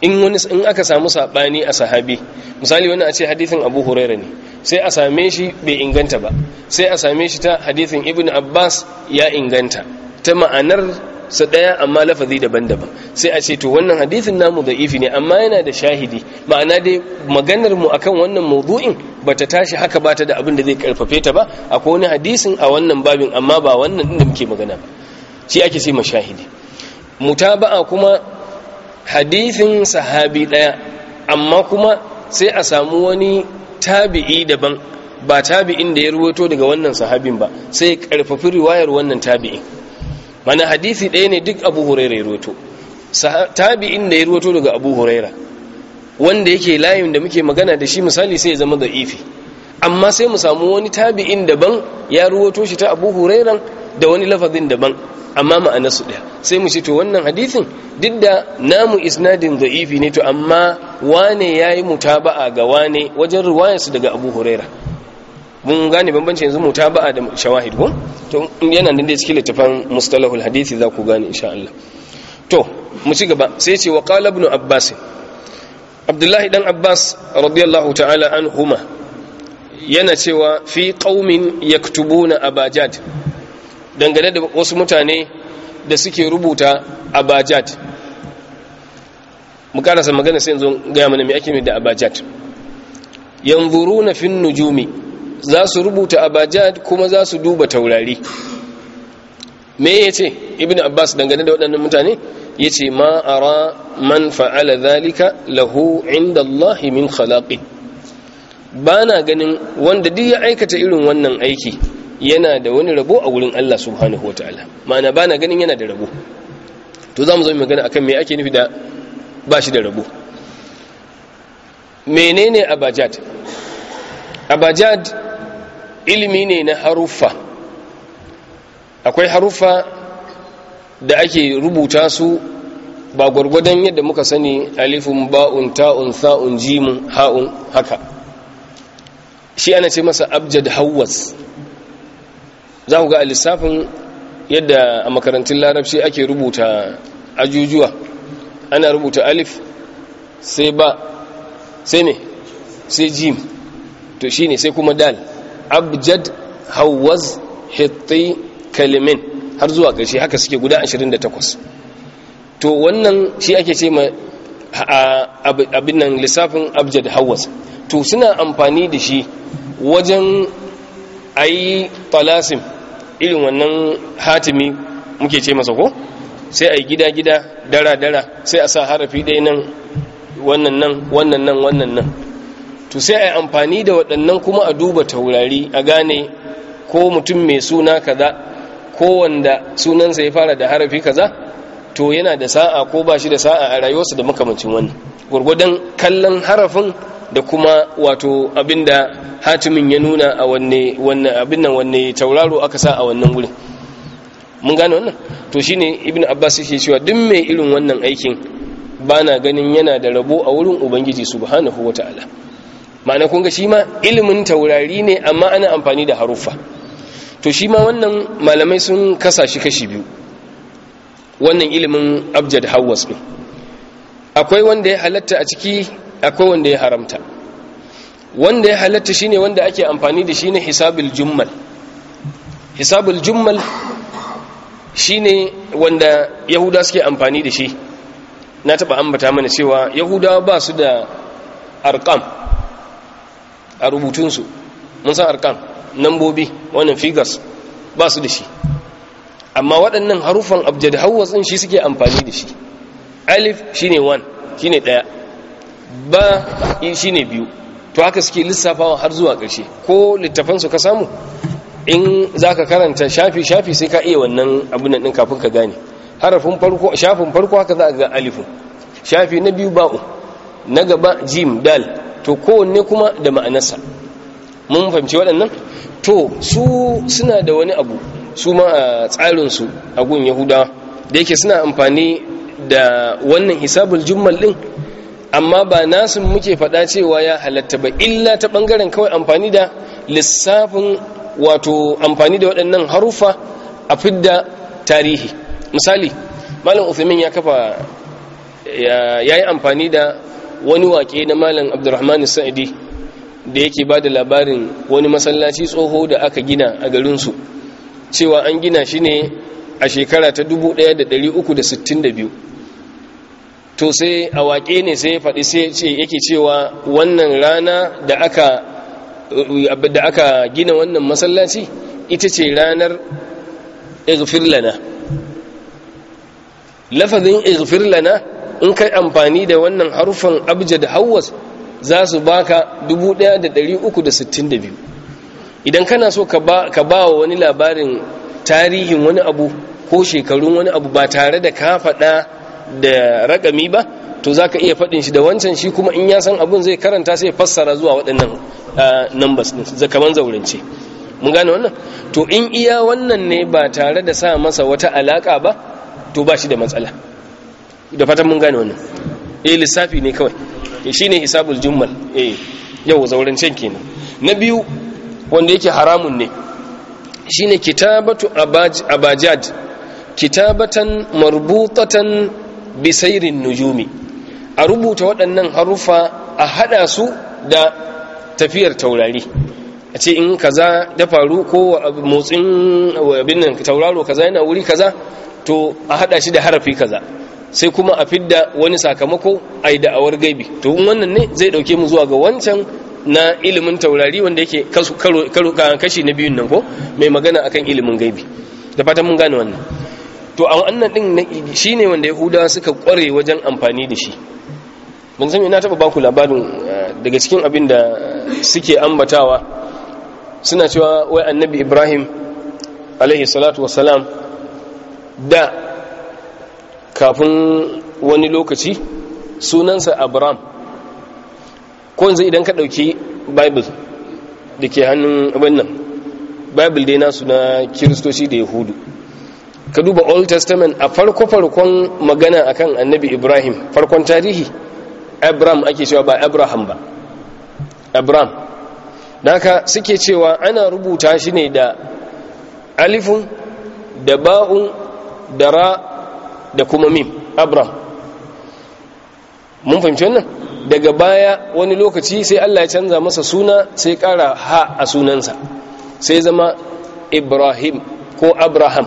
in wani in aka samu sabani a sahabi misali wani a ce hadisin Abu Huraira ne sai a same shi bai inganta ba sai a same shi ta hadisin Ibn Abbas ya inganta ta ma'anar su ɗaya amma lafazi daban-daban sai a ce to wannan hadisin namu da ifi ne amma yana da shahidi ma'ana dai maganar mu akan wannan mawdu'in bata tashi haka ba ta da abin da zai karfafe ta ba akwai wani hadisin a wannan babin amma ba wannan din da muke magana ba shi ake sai mashahidi mutaba'a kuma hadisin sahabi ɗaya amma kuma sai a samu wani tabi'i daban ba tabi'in da ya ruwato daga wannan sahabin ba sai karfafi riwayar wannan tabi'in mana hadisi ɗaya ne duk abu huraira ya ruwato tabi'in da ya ruwato daga abu huraira wanda yake layin da muke magana da shi misali sai ya zama da ifi amma sai mu samu wani tabi'in daban ya ruwato shi ta abu hurairan da wani lafazin daban amma su ɗaya sai mu ce to wannan hadisin duk da namu isnadin za'ifi ne to amma wane ya yi mutaba'a ga wane wajen ruwayarsu daga abu huraira mun gane bambancin yanzu mutaba'a da shawahid ko to yana nan dai cikin littafin mustalahul hadisi za ku gane insha Allah to mu ci gaba sai ce wa qala ibn abbas abdullahi dan abbas radiyallahu ta'ala anhuma yana cewa fi qaumin yaktubuna abajad dangane da wasu mutane da suke rubuta abajad mu karasa magana sai yanzu ga mana me ake nufi da abajad yanzuruna fin nujumi za su rubuta abajad kuma za su duba taurari me ya ce ibn abbas dangane da waɗannan mutane ya ce ma ara man fa'ala zalika lahu inda allahi min khalaƙi ba na ganin wanda duk ya aikata irin wannan aiki yana da wani rabo a wurin allah subhanahu ma ma'ana ba na ganin yana da rabo to za mu zo magana akan me ake nufi da ba shi da rabo menene abajad abajad ilimi ne na haruffa akwai haruffa da ake rubuta su ba gwargwadon yadda muka sani alifun ba'un ta'un sa'un jimun ha'un haka shi ana ce masa abjad hawwas za ku ga a lissafin yadda a makarantun larabci ake rubuta ajujuwa ana rubuta alif sai ba sai ne sai jim to shi ne sai kuma dal abjad hawaz hitti kalimin har zuwa ƙarshe haka suke guda 28 to wannan shi ake ce ma abin nan lissafin abjad hawaz to suna amfani da shi wajen ayi talasim irin wannan hatimi muke ce masa ko sai a yi gida-gida dara-dara sai a sa harafi ɗaya nan wannan nan wannan nan wannan nan to sai a yi amfani da waɗannan kuma a duba taurari a gane ko mutum mai suna kaza ko wanda sunansa ya fara da harafi kaza to yana da sa'a ko ba shi da sa'a a rayuwarsa da makamancin wani gurgudan kallon harafin da kuma wato abinda hatimin ya nuna a wanne wanne abin nan wanne tauraro aka sa a wannan gurin mun gane wannan to shine ibnu abbas yake cewa duk mai irin wannan aikin bana ganin yana da rabo a wurin ubangiji subhanahu wataala ma'ana kunga shi ma ilimin taurari ne amma ana amfani da haruffa to shi ma wannan malamai sun kasa shi kashi biyu wannan ilimin abjad hawas ɗin akwai wanda ya halatta a ciki akwai wanda ya haramta wanda ya halatta shine wanda ake amfani da shi ne hisabul jummal hisabul jummal shine wanda yahuda suke amfani da shi na taba ambata mana cewa Yahuda ba su da arkam a rubutunsu mun san arkan nambobi wannan figures ba su da shi amma waɗannan harufan abjad hawwatsin shi suke amfani da shi alif shine 1 shine 1 ba shine 2 to haka suke lissafawa har zuwa ƙarshe ko su ka samu in za ka karanta shafi-shafi sai ka iya wannan abin ɗin kafin ka gane harafin farko shafin farko haka za a ga alifin shafi na biyu ba'u na gaba jim dal to kowanne kuma da ma'anarsa mun fahimci waɗannan to su suna da wani abu su ma a tsarinsu a gun yahuda da yake suna amfani da wannan hisabul jummal ɗin amma ba nasu muke faɗa cewa ya halatta ba illa ta ɓangaren kawai amfani da lissafin wato amfani da waɗannan harufa a fidda tarihi misali malam uthamin ya kafa ya yi amfani da wani wake na malam abdurrahman sa'idi da yake ba da labarin wani masallaci tsoho da aka gina a garinsu cewa an gina shi ne a shekara ta 1362 to sai a wake ne sai ya faɗi sai yake cewa wannan rana da aka da aka gina wannan masallaci ita ce ranar ighfir lana lafazin ighfir lana in kai amfani da wannan harufan abjad hawwas za su baka 1362 idan kana so ka ba wa wani labarin tarihin wani abu ko shekarun wani abu ba tare da ka faɗa da rakami ba to za ka iya faɗin shi da wancan shi kuma in ya san abun zai karanta sai fassara zuwa waɗannan ah, numbers ɗin kaman zaurance mun gane wannan to in iya wannan ne ba tare da sa masa wata alaƙa ba to ba shi da matsala da fatan mun gane wannan eh lissafi ne kawai eh, shine hisabul jummal eh yau zaurancen kenan na biyu wanda yake haramun ne shine kitabatu abajad kitabatan marbutatan bi sayrin nujumi a rubuta waɗannan harufa a hada su da tafiyar taurari a ce in kaza da faru ko motsin abin nan tauraro kaza yana wuri kaza to a hada shi da harafi kaza sai kuma a fidda wani sakamako a yi da'awar gaibi to wannan ne zai dauke mu zuwa ga wancan na ilimin taurari wanda yake kashi na biyun nan ko mai magana akan ilimin gaibi da fatan mun gane wannan to a wannan din shine wanda yahudawa suka kware wajen amfani da shi ban san ina taba baku labarin eh, daga cikin abin da suke ambatawa suna cewa wai annabi ibrahim alaihi salatu wassalam da kafin wani lokaci sunansa abraham ko yanzu idan ka ɗauki bible da ke hannun wannan bible dai nasu na kiristoci da yahudu ka duba old testament a farko-farkon magana akan annabi ibrahim farkon tarihi abraham ake cewa ba abraham ba abraham naka suke cewa ana rubuta shi ne da alifun da ba'un da ra da kuma mim abram mun fahimci wannan daga baya wani lokaci sai Allah ya canza masa suna sai kara ha a sunansa sai zama ibrahim ko abraham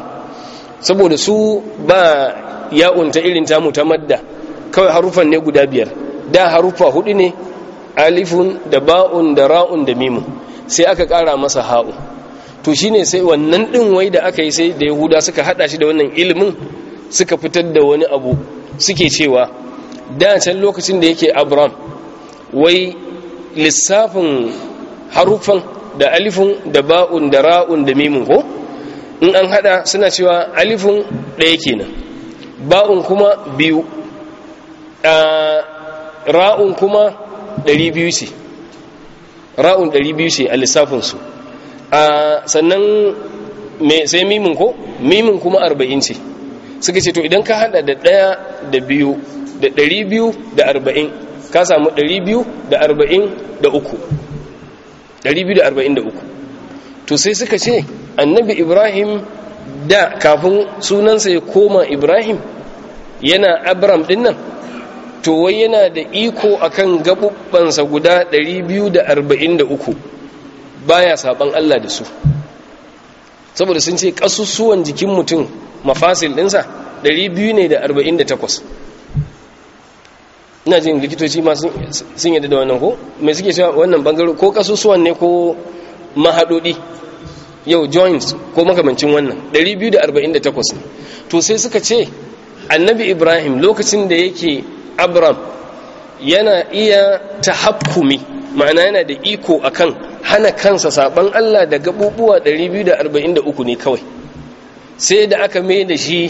saboda su ba ya'unta irin tamu ta madda kawai harufan ne guda biyar da harufa hudu ne alifun da ba'un da ra'un da mimun sai aka kara masa ha'u to shine sai wannan ɗin wai da aka yi sai da yahuda suka haɗa shi da wannan ilimin suka fitar da wani abu suke cewa da can lokacin da yake abram wai lissafin haruffan da alifin da ba'un da ra'un da mimin ko in an hada suna cewa alifin ɗaya kenan ba'un kuma biyu ra'un kuma ɗari biyu ce ra'un ɗari biyu ce a lissafinsu sannan sai mimin ko mimin kuma arba'in ce suka ce to idan ka hada da ɗaya da biyu da ɗari biyu da arba'in ka samu ɗari biyu da arba'in da uku ɗari biyu da arba'in da uku to sai suka ce annabi ibrahim da kafin sunansa ya koma ibrahim yana abram din nan to wai yana da iko akan gaɓuɓɓansa guda ɗari biyu da arba'in da uku baya saɓan allah da su saboda sun ce ƙasusuwan jikin mutum mafasil ɗinsa 248 ina jin likitoci ma sun yadda da wannan ko mai suke cewa wannan bangaro ko ƙasusuwan ne ko mahaɗoɗi yau joints ko makamancin wannan 248 to sai suka ce annabi ibrahim lokacin da yake abram yana iya ta hakumi ma'ana yana da iko akan hana kansa saban Allah da gabubuwa 243 ne kawai sai da aka mai da shi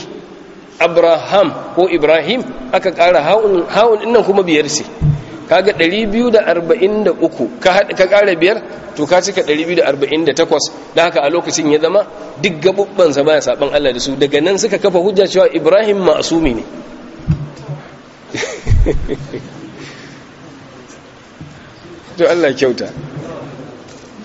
Abraham ko Ibrahim aka ƙara haun haun ɗinnan kuma biyar sai kaga 243 ka ƙara biyar to ka cika 248 da haka a lokacin ya zama duk sa baya saban Allah da su daga nan suka kafa hujja cewa Ibrahim ma'asumi ne to Allah kyauta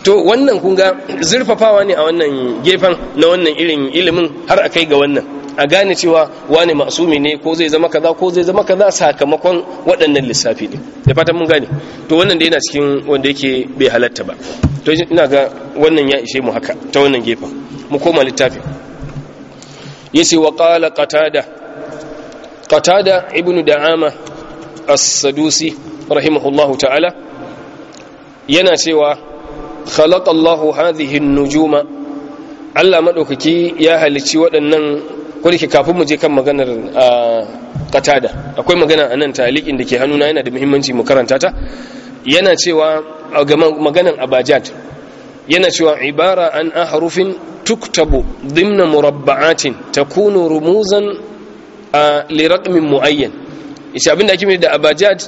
to wannan kun zurfafawa ne a wannan gefen na wannan irin ilimin har a kai ga wannan a gane cewa wani masumi ne ko zai zama kaza ko zai zama kaza sakamakon waɗannan lissafi ne da fatan mun gane to wannan da yana cikin wanda yake bai halatta ba to ina ga wannan ya ishe mu haka ta wannan gefen mu koma littafi yace wa qala qatada qatada ibnu da'ama as-sadusi rahimahullahu ta'ala yana cewa Allahu hadhihi an-nujuma Allah madaukaki ya halici waɗannan kurki kafin mu je kan maganar Katada. akwai magana anan talikin da ke hannuna yana da muhimmanci mu karanta ta yana cewa ga maganan abajad yana cewa ibara an ahrufin tuktabu dimna murabba'atin takunu rumuzan li raqmin muayyan ita abinda ake mai da abajad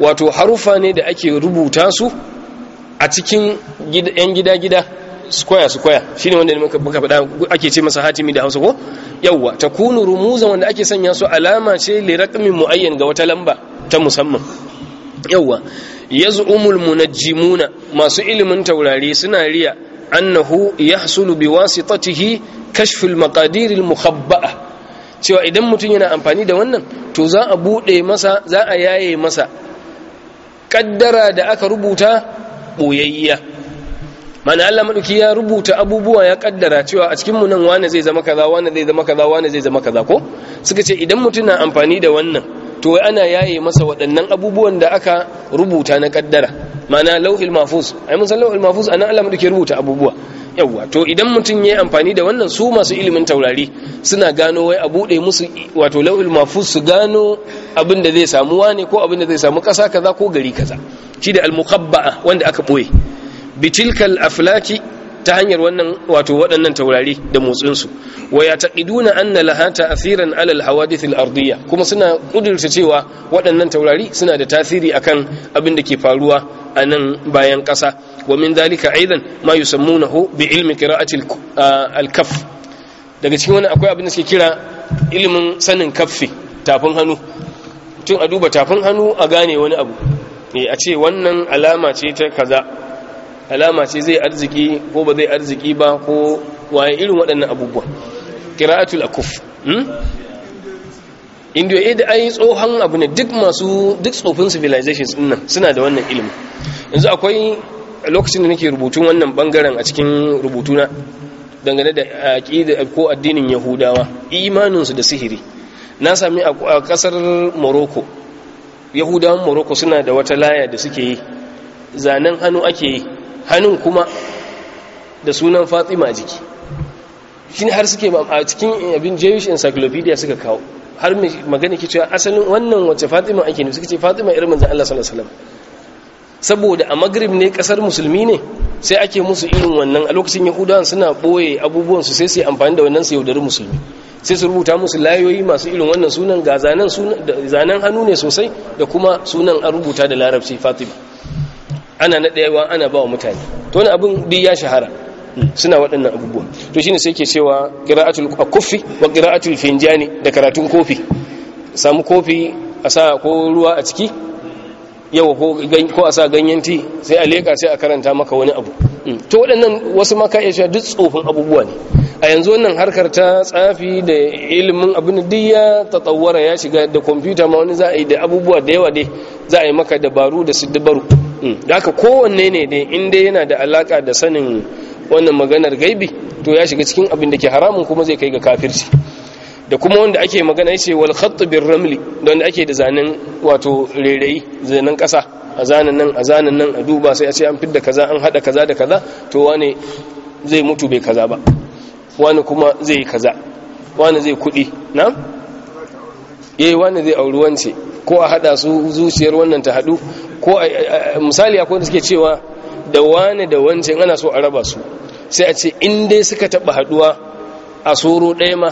wato harufa ne da ake rubuta su a cikin yan gida-gida square square ne wanda ne muka faɗa ake ce masa hatimi da Hausa ko ta takunu rumuzan wanda ake sanya su alama ce li raqmin muayyan ga wata lamba ta musamman yawa yaz'umul munajjimuna masu ilimin taurari suna riya annahu yahsulu biwasitatihi kashful maqadiril mukhabba'a cewa idan mutum yana amfani da wannan to za a buɗe masa za a yaye masa kaddara da aka rubuta boyayya mana Allah maduki ya rubuta abubuwa ya kaddara cewa a cikin mu nan wani zai zama kaza wani zai zama kaza wani zai zama kaza ko suka ce idan mutum na amfani da wannan to wai ana yaye masa waɗannan abubuwan da aka rubuta na kaddara mana lauhil mahfuz ai mun san lauhil mahfuz anan Allah maduki ya rubuta abubuwa yawwa to idan mutum ya yi amfani da wannan su masu ilimin taurari suna gano wai a buɗe musu wato lau'il mafu su gano abin da zai samu wane ko abin da zai samu ƙasa kaza ko gari kaza shi da al wanda aka ɓoye bitilkal aflaki ta hanyar wannan wato waɗannan taurari da motsinsu wa ya taqiduna anna laha ta'thiran 'ala al-hawadith al-ardiyya kuma suna kudurta cewa waɗannan taurari suna da tasiri akan abin da ke faruwa a nan bayan ƙasa wa min dalika aidan ma yusammunahu bi ilmi qira'ati ah, al kaf daga cikin wannan akwai abin da suke kira ilimin sanin kaffi tafin hannu tun a duba tafin hannu a gane wani abu eh, a ce wannan alama ce ta kaza alama ce zai arziki ko ba zai arziki ba ko waye irin waɗannan abubuwa qira'atul akuf hmm? indiya idan ai tsohon abu ne duk masu duk tsofin civilizations din nan suna da wannan ilimi yanzu akwai lokacin da nake rubutun wannan bangaren a cikin rubutuna dangane da aqida ko addinin yahudawa imaninsu da sihiri na sami a kasar morocco yahudawan morocco suna da wata laya da suke yi zanen hannu ake yi hannun kuma da sunan fatima a jiki shi har suke a cikin abin jewish encyclopedia suka kawo har magana ke cewa asalin wannan wacce fatima ake ne suka ce fatima irin manzan allah salasalam alaihi saboda a magrib ne kasar musulmi ne sai ake musu irin wannan a lokacin yahudawan suna boye abubuwansu sai su amfani da wannan su yaudari musulmi sai su rubuta musu layoyi masu irin wannan sunan ga zanen hannu ne sosai da kuma sunan an rubuta da larabci fatima ana naɗewa ana ba wa mutane to wani abin duk ya shahara hmm. suna waɗannan abubuwa, to shine sai ke cewa a kofi wa ƙira'atul finjani da karatun kofi samu kofi a sa ko ruwa a ciki yau ko a sa ganyen ti sai a leka sai a karanta maka wani abu hmm. to waɗannan wasu maka ya sha duk tsofin abubuwa ne a yanzu wannan harkar ta tsafi da ilimin abin duk ya tatsawara ya shiga da kwamfuta ma wani za a yi da abubuwa da yawa dai za a yi maka dabaru da su dabaru Mm. da haka kowanne ne dai in dai yana da alaka da sanin wannan maganar gaibi to ya shiga cikin abin da ke haramun kuma zai kai ga kafirci da kuma wanda ake magana yace wal bin ramli ramli wanda ake da zanen wato rereyi zanen kasa a zanen nan a zanen nan a duba sai a ce an fidda kaza an hada kaza da kaza to wane zai mutu bai kaza ba wane kuma zai yi kaza wane zai kudi na eh wanda zai auri wance ko a hada su zuciyar wannan ta hadu ko misali akwai da suke cewa da wani da wance ana so a raba su sai a ce in dai suka taba haduwa a soro ɗaya ma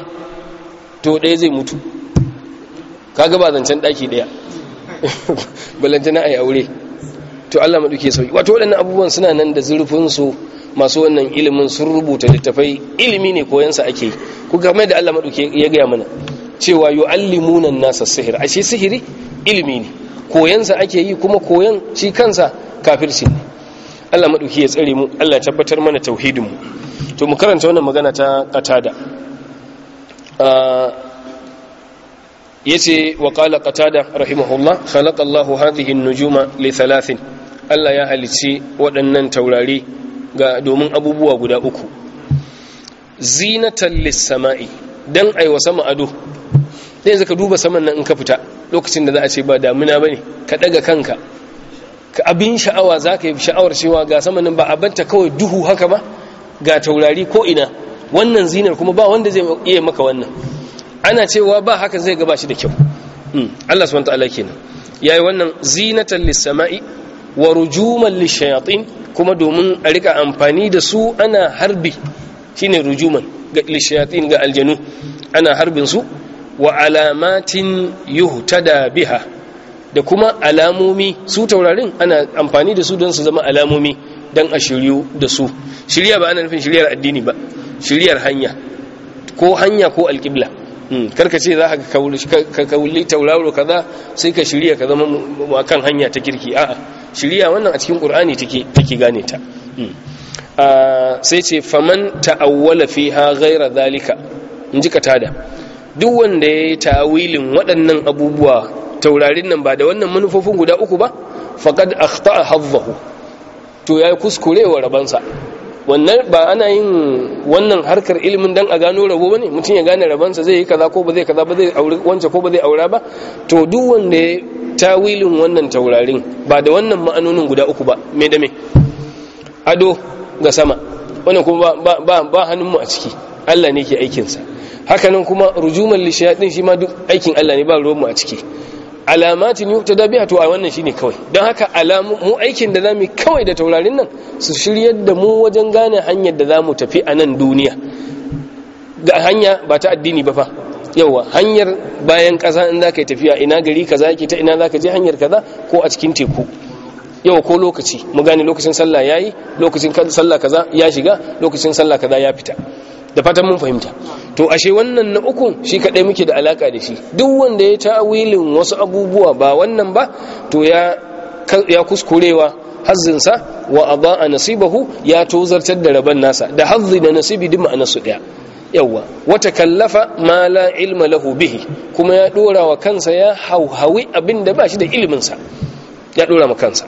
to ɗaya zai mutu kaga ba zancen ɗaki ɗaya balantana a yi aure to Allah maɗuke sauki wato waɗannan abubuwan suna nan da zurfinsu masu wannan ilimin sun rubuta littafai ilimi ne koyansa ake ku game da Allah maɗuke ya gaya mana cewa allimunan nasa sihir ashe sihiri ilimi ne koyansa ake yi kuma koyan shi kansa kafirci ne Allah maɗauki ya tsare mu Allah tabbatar mana tauhidin mu to mu karanta wannan magana ta qatada ah, yace wa qala qatada rahimahullah khalaqa Allahu hadhihi an-nujuma li thalathin Allah ya halici waɗannan taurari ga domin abubuwa guda uku zinatan lis-sama'i dan aiwa sama ado zai zaka duba saman nan in ka fita lokacin da za a ce ba damuna bane ka ɗaga kanka ka abin sha'awa za ka yi sha'awar cewa ga saman nan ba a banta kawai duhu haka ba ga taurari ko ina wannan zinar kuma ba wanda zai iya maka wannan ana cewa ba haka zai gaba shi da kyau hmm, Allah subhanahu ta'ala kenan yayi wannan zinatan lis wa rujuman lishayatin kuma domin a rika amfani da su ana harbi shine rujuman ga lishayatin ga aljanu ana harbin su wa alamatin yuhtada biha da kuma alamomi su taurarin ana amfani da su don su zama alamomi don a shiryu da su shirya ba ana nufin shiryar addini ba shiryar hanya ko hanya ko alƙibla hmm, karka ce za ka kawuli tauraro kaza sai ka shirya ka zama kan hanya ta kirki a'a shirya wannan a cikin ƙur'ani take gane ta hmm. ah, sai ce faman ta'awwala ha gaira zalika in ji ka tada duk wanda ya yi tawilin waɗannan abubuwa taurarin nan ba da wannan manufofin guda uku ba faƙad akhta'a hazzahu to ya yi kuskurewa rabansa wannan ba ana yin wannan harkar ilimin dan a gano rabo bane mutum ya gane rabansa zai yi kaza ko ba zai kaza ba zai aure wance ko ba zai aura ba to duk wanda ya tawilin wannan taurarin ba da wannan ma'anonin guda uku ba me da me ado ga sama wannan kuma ba ba, hannun mu a ciki Allah ne ke aikin sa hakanan kuma rujuman lishayatin shi ma duk aikin Allah ne ba ruwanmu a ciki alamatin yuktada biha to a wannan shine kawai don haka alamu mu aikin da zamu kawai da taurarin nan su shiryar da mu wajen gane hanyar da zamu tafi a nan duniya ga hanya ba ta addini ba fa yawa hanyar bayan ƙasa in zaka yi tafiya ina gari kaza yake ta ina zaka je hanyar kaza ko a cikin teku yau ko lokaci mu gane lokacin sallah yayi lokacin sallah kaza ya shiga lokacin sallah kaza ya fita da fatan mun fahimta to ashe wannan na uku shi kadai muke da alaka da shi duk wanda ya ta'awilin wasu abubuwa ba wannan ba to ya ya kuskurewa hazzinsa wa adaa nasibahu ya tozartar da rabon nasa da hazzi da nasibi duk ma'ana su daya yawa wata kallafa ma la ilma lahu bihi kuma ya dora wa kansa ya hauhawi abinda ba shi da iliminsa ya dora ma kansa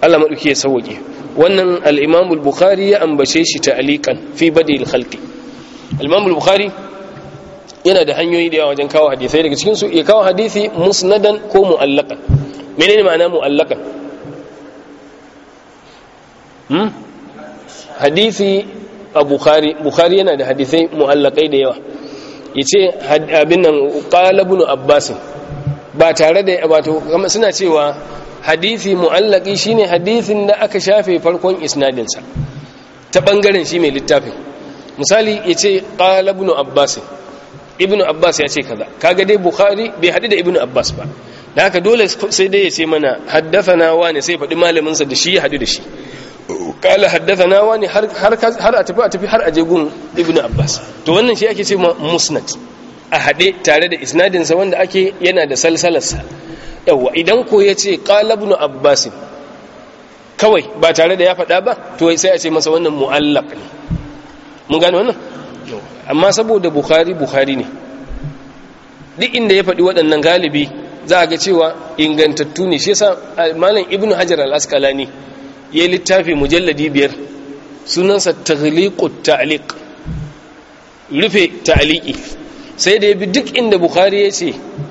Allah maɗauki ya sauke wannan al-Imam al-Bukhari ya ambace shi ta'aliqan fi badil khalqi al mamul bukhari yana da hanyoyi da yawa wajen kawo hadisai daga cikin su ya kawo hadisi musnadan ko mu'allaqan menene ma'ana mu'allaqan hmm hadisi a bukhari bukhari yana da hadisai mu'allaqai da yawa yace abin nan qala ibn abbas ba tare da wato suna cewa hadisi muallaki shine hadisin da aka shafe farkon isnadinsa ta bangaren shi mai littafin misali ya ce ƙala ibn abbas ibn abbas ya ce kaza kaga dai bukhari bai haɗu da ibn abbas ba da haka dole sai dai ya ce mana haddathana wani sai faɗi malaminsa da shi ya haɗu da shi ƙala haddathana wani har a tafi a tafi har a je gun ibn abbas to wannan shi ake ce musnad a haɗe tare da isnadinsa wanda ake yana da salsalarsa yawwa idan ko ya ce ƙalabnu abbasin kawai ba tare da ya faɗa ba to sai a ce masa wannan mu'allaf ne mun gane wannan amma saboda bukhari bukhari ne duk inda ya faɗi waɗannan galibi za a ga cewa ingantattu ne shi yasa malam ibnu hajar al-asqalani ya yi littafi mujalladi biyar sunansa taghliqut ta'liq rufe ta'liqi sai da ya bi duk inda bukhari ya ce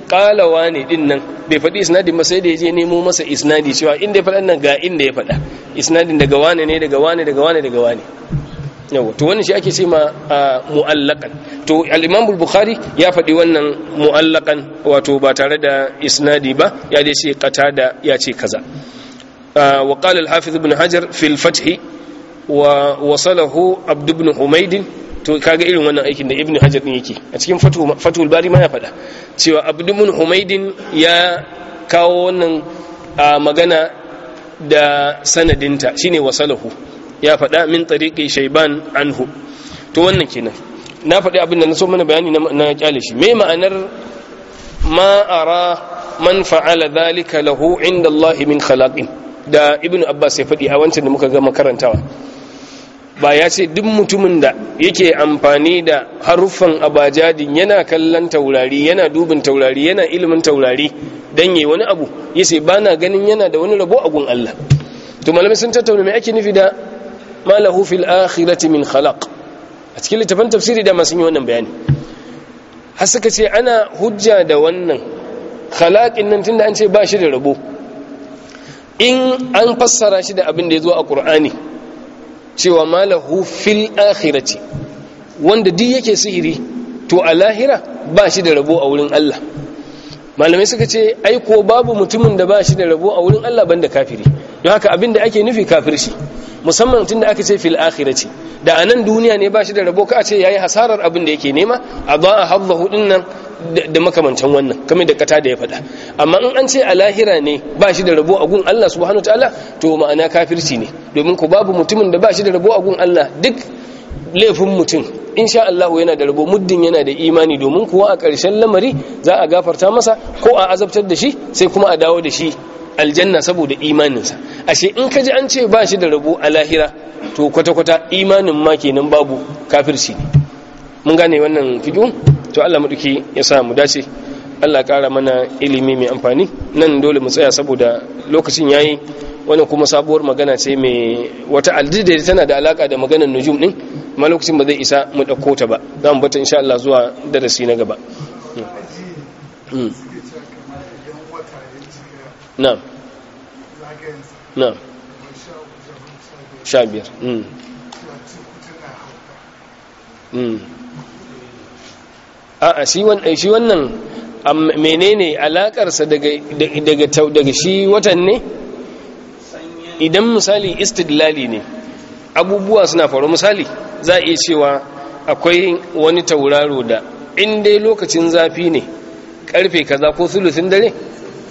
kalawa ne din nan bai faɗi isnadi ba sai da ya je nemo masa isnadi cewa inda ya faɗa nan ga inda ya faɗa isnadin daga wane ne daga wane daga wane daga wane yawa to wannan shi ake ce ma mu'allakan to al-imam bukhari ya faɗi wannan mu'allakan wato ba tare da isnadi ba ya dai ce qatada ya ce kaza wa qala al-hafiz ibn hajar fil fath wa wasalahu abd ibn humayd to kaga irin wannan aikin da ibn hajar din yake a cikin fatul bari ma ya faɗa cewa ibn humayd ya kawo wannan magana da sanadinta shine wasalahu ya faɗa min tariqi shaiban anhu to wannan kenan na faɗi abinda na so mana bayani na kyale shi me ma'anar ma ara man fa'ala dhalika lahu inda Allah min khalaqin da ibnu abbas ya faɗi a wancan da muka gama karantawa ba ya ce duk mutumin da yake amfani da haruffan abajadin yana kallon taurari yana dubin taurari yana ilimin taurari dan yi wani abu ya bana ba ganin yana da wani rabo a gun Allah to malamai sun tattauna me ake nufi da ma lahu fil akhirati min khalaq a cikin littafin tafsiri da masu yi wannan bayani har suka ce ana hujja da wannan khalaqin nan tunda an ce ba shi da rabo in an fassara shi da abin da ya zo a qur'ani cewa ma lahu fil akhirati wanda duk yake sihiri to a lahira ba shi da rabo a wurin Allah malamai suka ce ai ko babu mutumin da ba shi da rabo a wurin Allah banda kafiri don haka abin da ake nufi kafirci musamman tun da aka ce fil akhirati da a nan duniya ne ba shi da rabo ka a ce yi hasarar abin da yake nema a ba a haddahu din nan da makamancin wannan kamar da kata da ya faɗa amma in an ce a lahira ne ba shi da rabo a gun Allah subhanahu wataala to ma'ana kafirci ne domin ku babu mutumin da ba shi da rabo a gun Allah duk laifin mutum insha Allah yana da rabo muddin yana da imani domin kuwa a ƙarshen lamari za a gafarta masa ko a azabtar da shi sai kuma a dawo da shi aljanna saboda imaninsa ashe in ka ji an ce ba shi da rabo a lahira to kwata-kwata imanin ma kenan babu kafirci ne mun gane wannan fito to allah maɗuki ya sa mu dace allah kara mana ilimi mai amfani nan dole mu tsaya saboda lokacin yayi wani kuma sabuwar magana ce mai wata da tana da alaka da maganar nujum din ma lokacin ba zai isa mu ɗauko ta ba za mu bata insha allah zuwa darasi na gaba Hmm. hmm. na'am na'am sha biyar hmm. hmm. a eh, shi wannan menene sa daga shi watan ne idan misali istidlali ne abubuwa suna faru misali za a iya cewa akwai wani tauraro da in dai lokacin zafi ne karfe kaza ko sulusin dare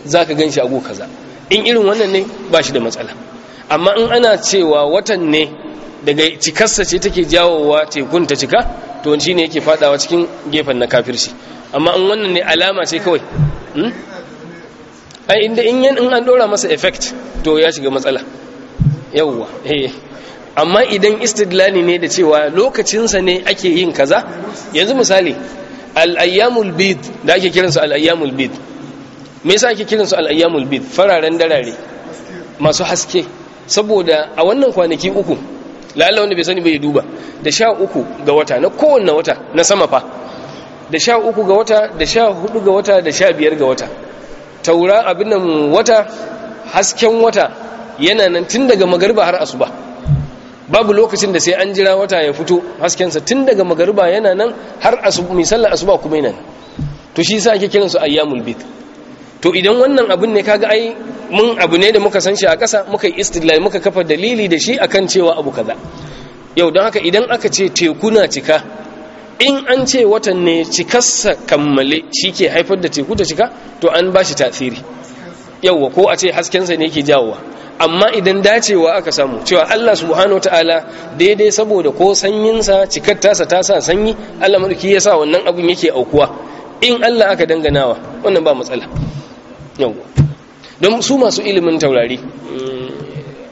za ka gan shi a kaza in irin wannan ne ba shi da matsala amma in ana cewa watan ne daga cikarsa ce take jawowa tekun ta cika to shi ne yake fadawa cikin gefen na kafirci amma in wannan ne alama ce kawai hmm? a inda in yan an dora masa effect to ya shiga matsala yawwa eh. amma idan istidlali ne da cewa lokacinsa ne ake yin kaza yanzu misali Al'ayyamul bid da ake kiransa al'ayyamul bid me yasa ake kiransu al-ayyamul bid fararen darare masu haske saboda a wannan kwanaki uku lalle wanda bai sani bai duba da sha uku ga wata na kowanne wata na sama fa da sha uku ga wata da sha hudu ga wata da sha biyar ga wata taura abin nan wata hasken wata yana nan tun daga magariba har asuba babu lokacin da sai an jira wata ya fito haskensa tun daga magariba yana nan har asuba misalla asuba kuma yana to shi yasa ake kiransu ayyamul bid to idan wannan abin ne kaga ai mun abu ne da muka san shi a ƙasa muka yi muka kafa dalili da shi akan cewa abu kaza yau don haka idan aka ce teku na cika in an ce watan ne cikarsa kammale shi ke haifar da teku ta cika to an ba shi tasiri yauwa ko a ce haskensa ne ke jawowa amma idan dacewa aka samu cewa Allah subhanahu ta'ala daidai saboda ko sanyinsa cikar tasa ta sa sanyi Allah madauki ya sa wannan abin yake aukuwa in Allah aka danganawa wannan ba matsala yau don su masu ilimin taurari mm,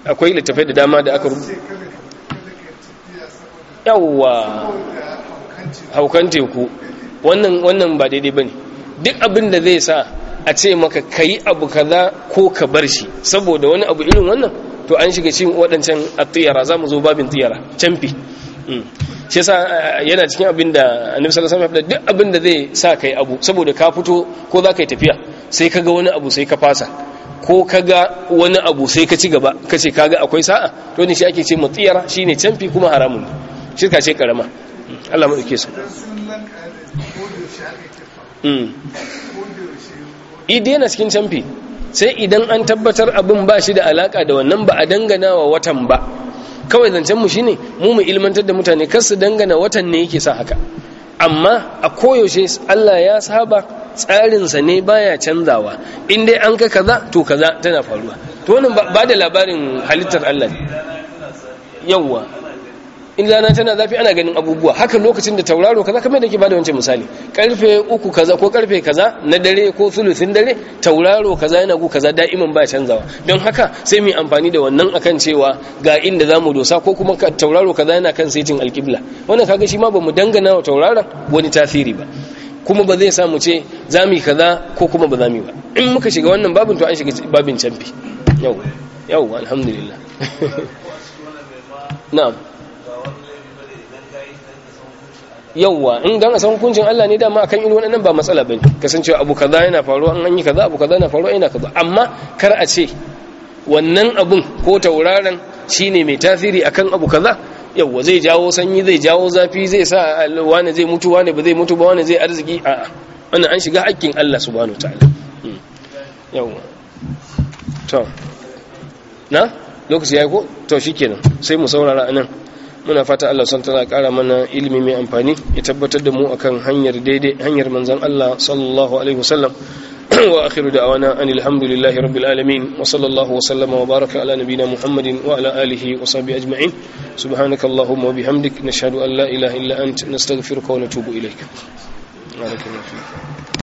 akwai littafai da dama da aka rubuta yawwa haukan teku wannan ba daidai ba ne duk abin da zai sa a ce maka kayi abu kaza ko ka bar shi saboda wani abu irin wannan to an shiga cin waɗancan attiyara za mu zo babin tiyara canfi mm. shi sa eh, yana cikin abin da annabi sallallahu alaihi wasallam duk abin da zai sa kai abu saboda ka fito ko za ka yi tafiya sai kaga wani abu sai ka fasa ko kaga wani abu sai ka ci gaba kace kaga akwai sa'a to ne shi ake ce matsiyar shine canfi kuma haramun ne shirka ce karama Allah mu ɗauke su mm na cikin canfi sai idan an tabbatar abin ba shi da alaka da wannan ba a dangana wa watan ba kawai zancen mu shine mu mu ilmantar da mutane kar su dangana watan ne yake sa haka amma a koyaushe Allah ya saba tsarinsa ne baya canzawa in dai an ka kaza to kaza tana faruwa to wannan ba da labarin halittar Allah yawwa in rana tana zafi ana ganin abubuwa haka lokacin da tauraro kaza kamar da ke bada wancan misali karfe uku kaza ko karfe kaza na dare ko sulusin dare tauraro kaza yana gu kaza da'iman ba canzawa don haka sai mu amfani da wannan akan cewa ga inda zamu dosa ko kuma tauraro kaza yana kan saitin alkibla wannan kaga shi ma bamu dangana wa tauraron wani tasiri ba kuma ba zai samu ce za mu yi kaza ko kuma ba za mu yi ba in muka shiga wannan babin to an shiga babin canfi yau yau alhamdulillah na'am yauwa in dan a san hukuncin Allah ne dama akan irin waɗannan ba matsala bane kasancewa abu kaza yana faruwa an an yi kaza abu kaza yana faruwa yana kaza amma kar a ce wannan abun ko tauraron shine mai tasiri akan abu kaza yauwa zai jawo sanyi zai jawo zafi zai sa wani zai mutu wani ba zai mutu ba wani zai arziki a'a wannan an shiga hakkin Allah subhanahu ta'ala hmm. yauwa to na lokaci yayi ko to shikenan sai mu saurara anan muna fata Allah san tana ƙara mana ilimi mai amfani ya tabbatar da mu akan hanyar daidai hanyar manzon Allah sallallahu alaihi wasallam وآخر دعوانا أن الحمد لله رب العالمين وصلى الله وسلم وبارك على نبينا محمد وعلى آله وصحبه أجمعين سبحانك اللهم وبحمدك نشهد أن لا إله إلا أنت نستغفرك ونتوب إليك بارك الله فيك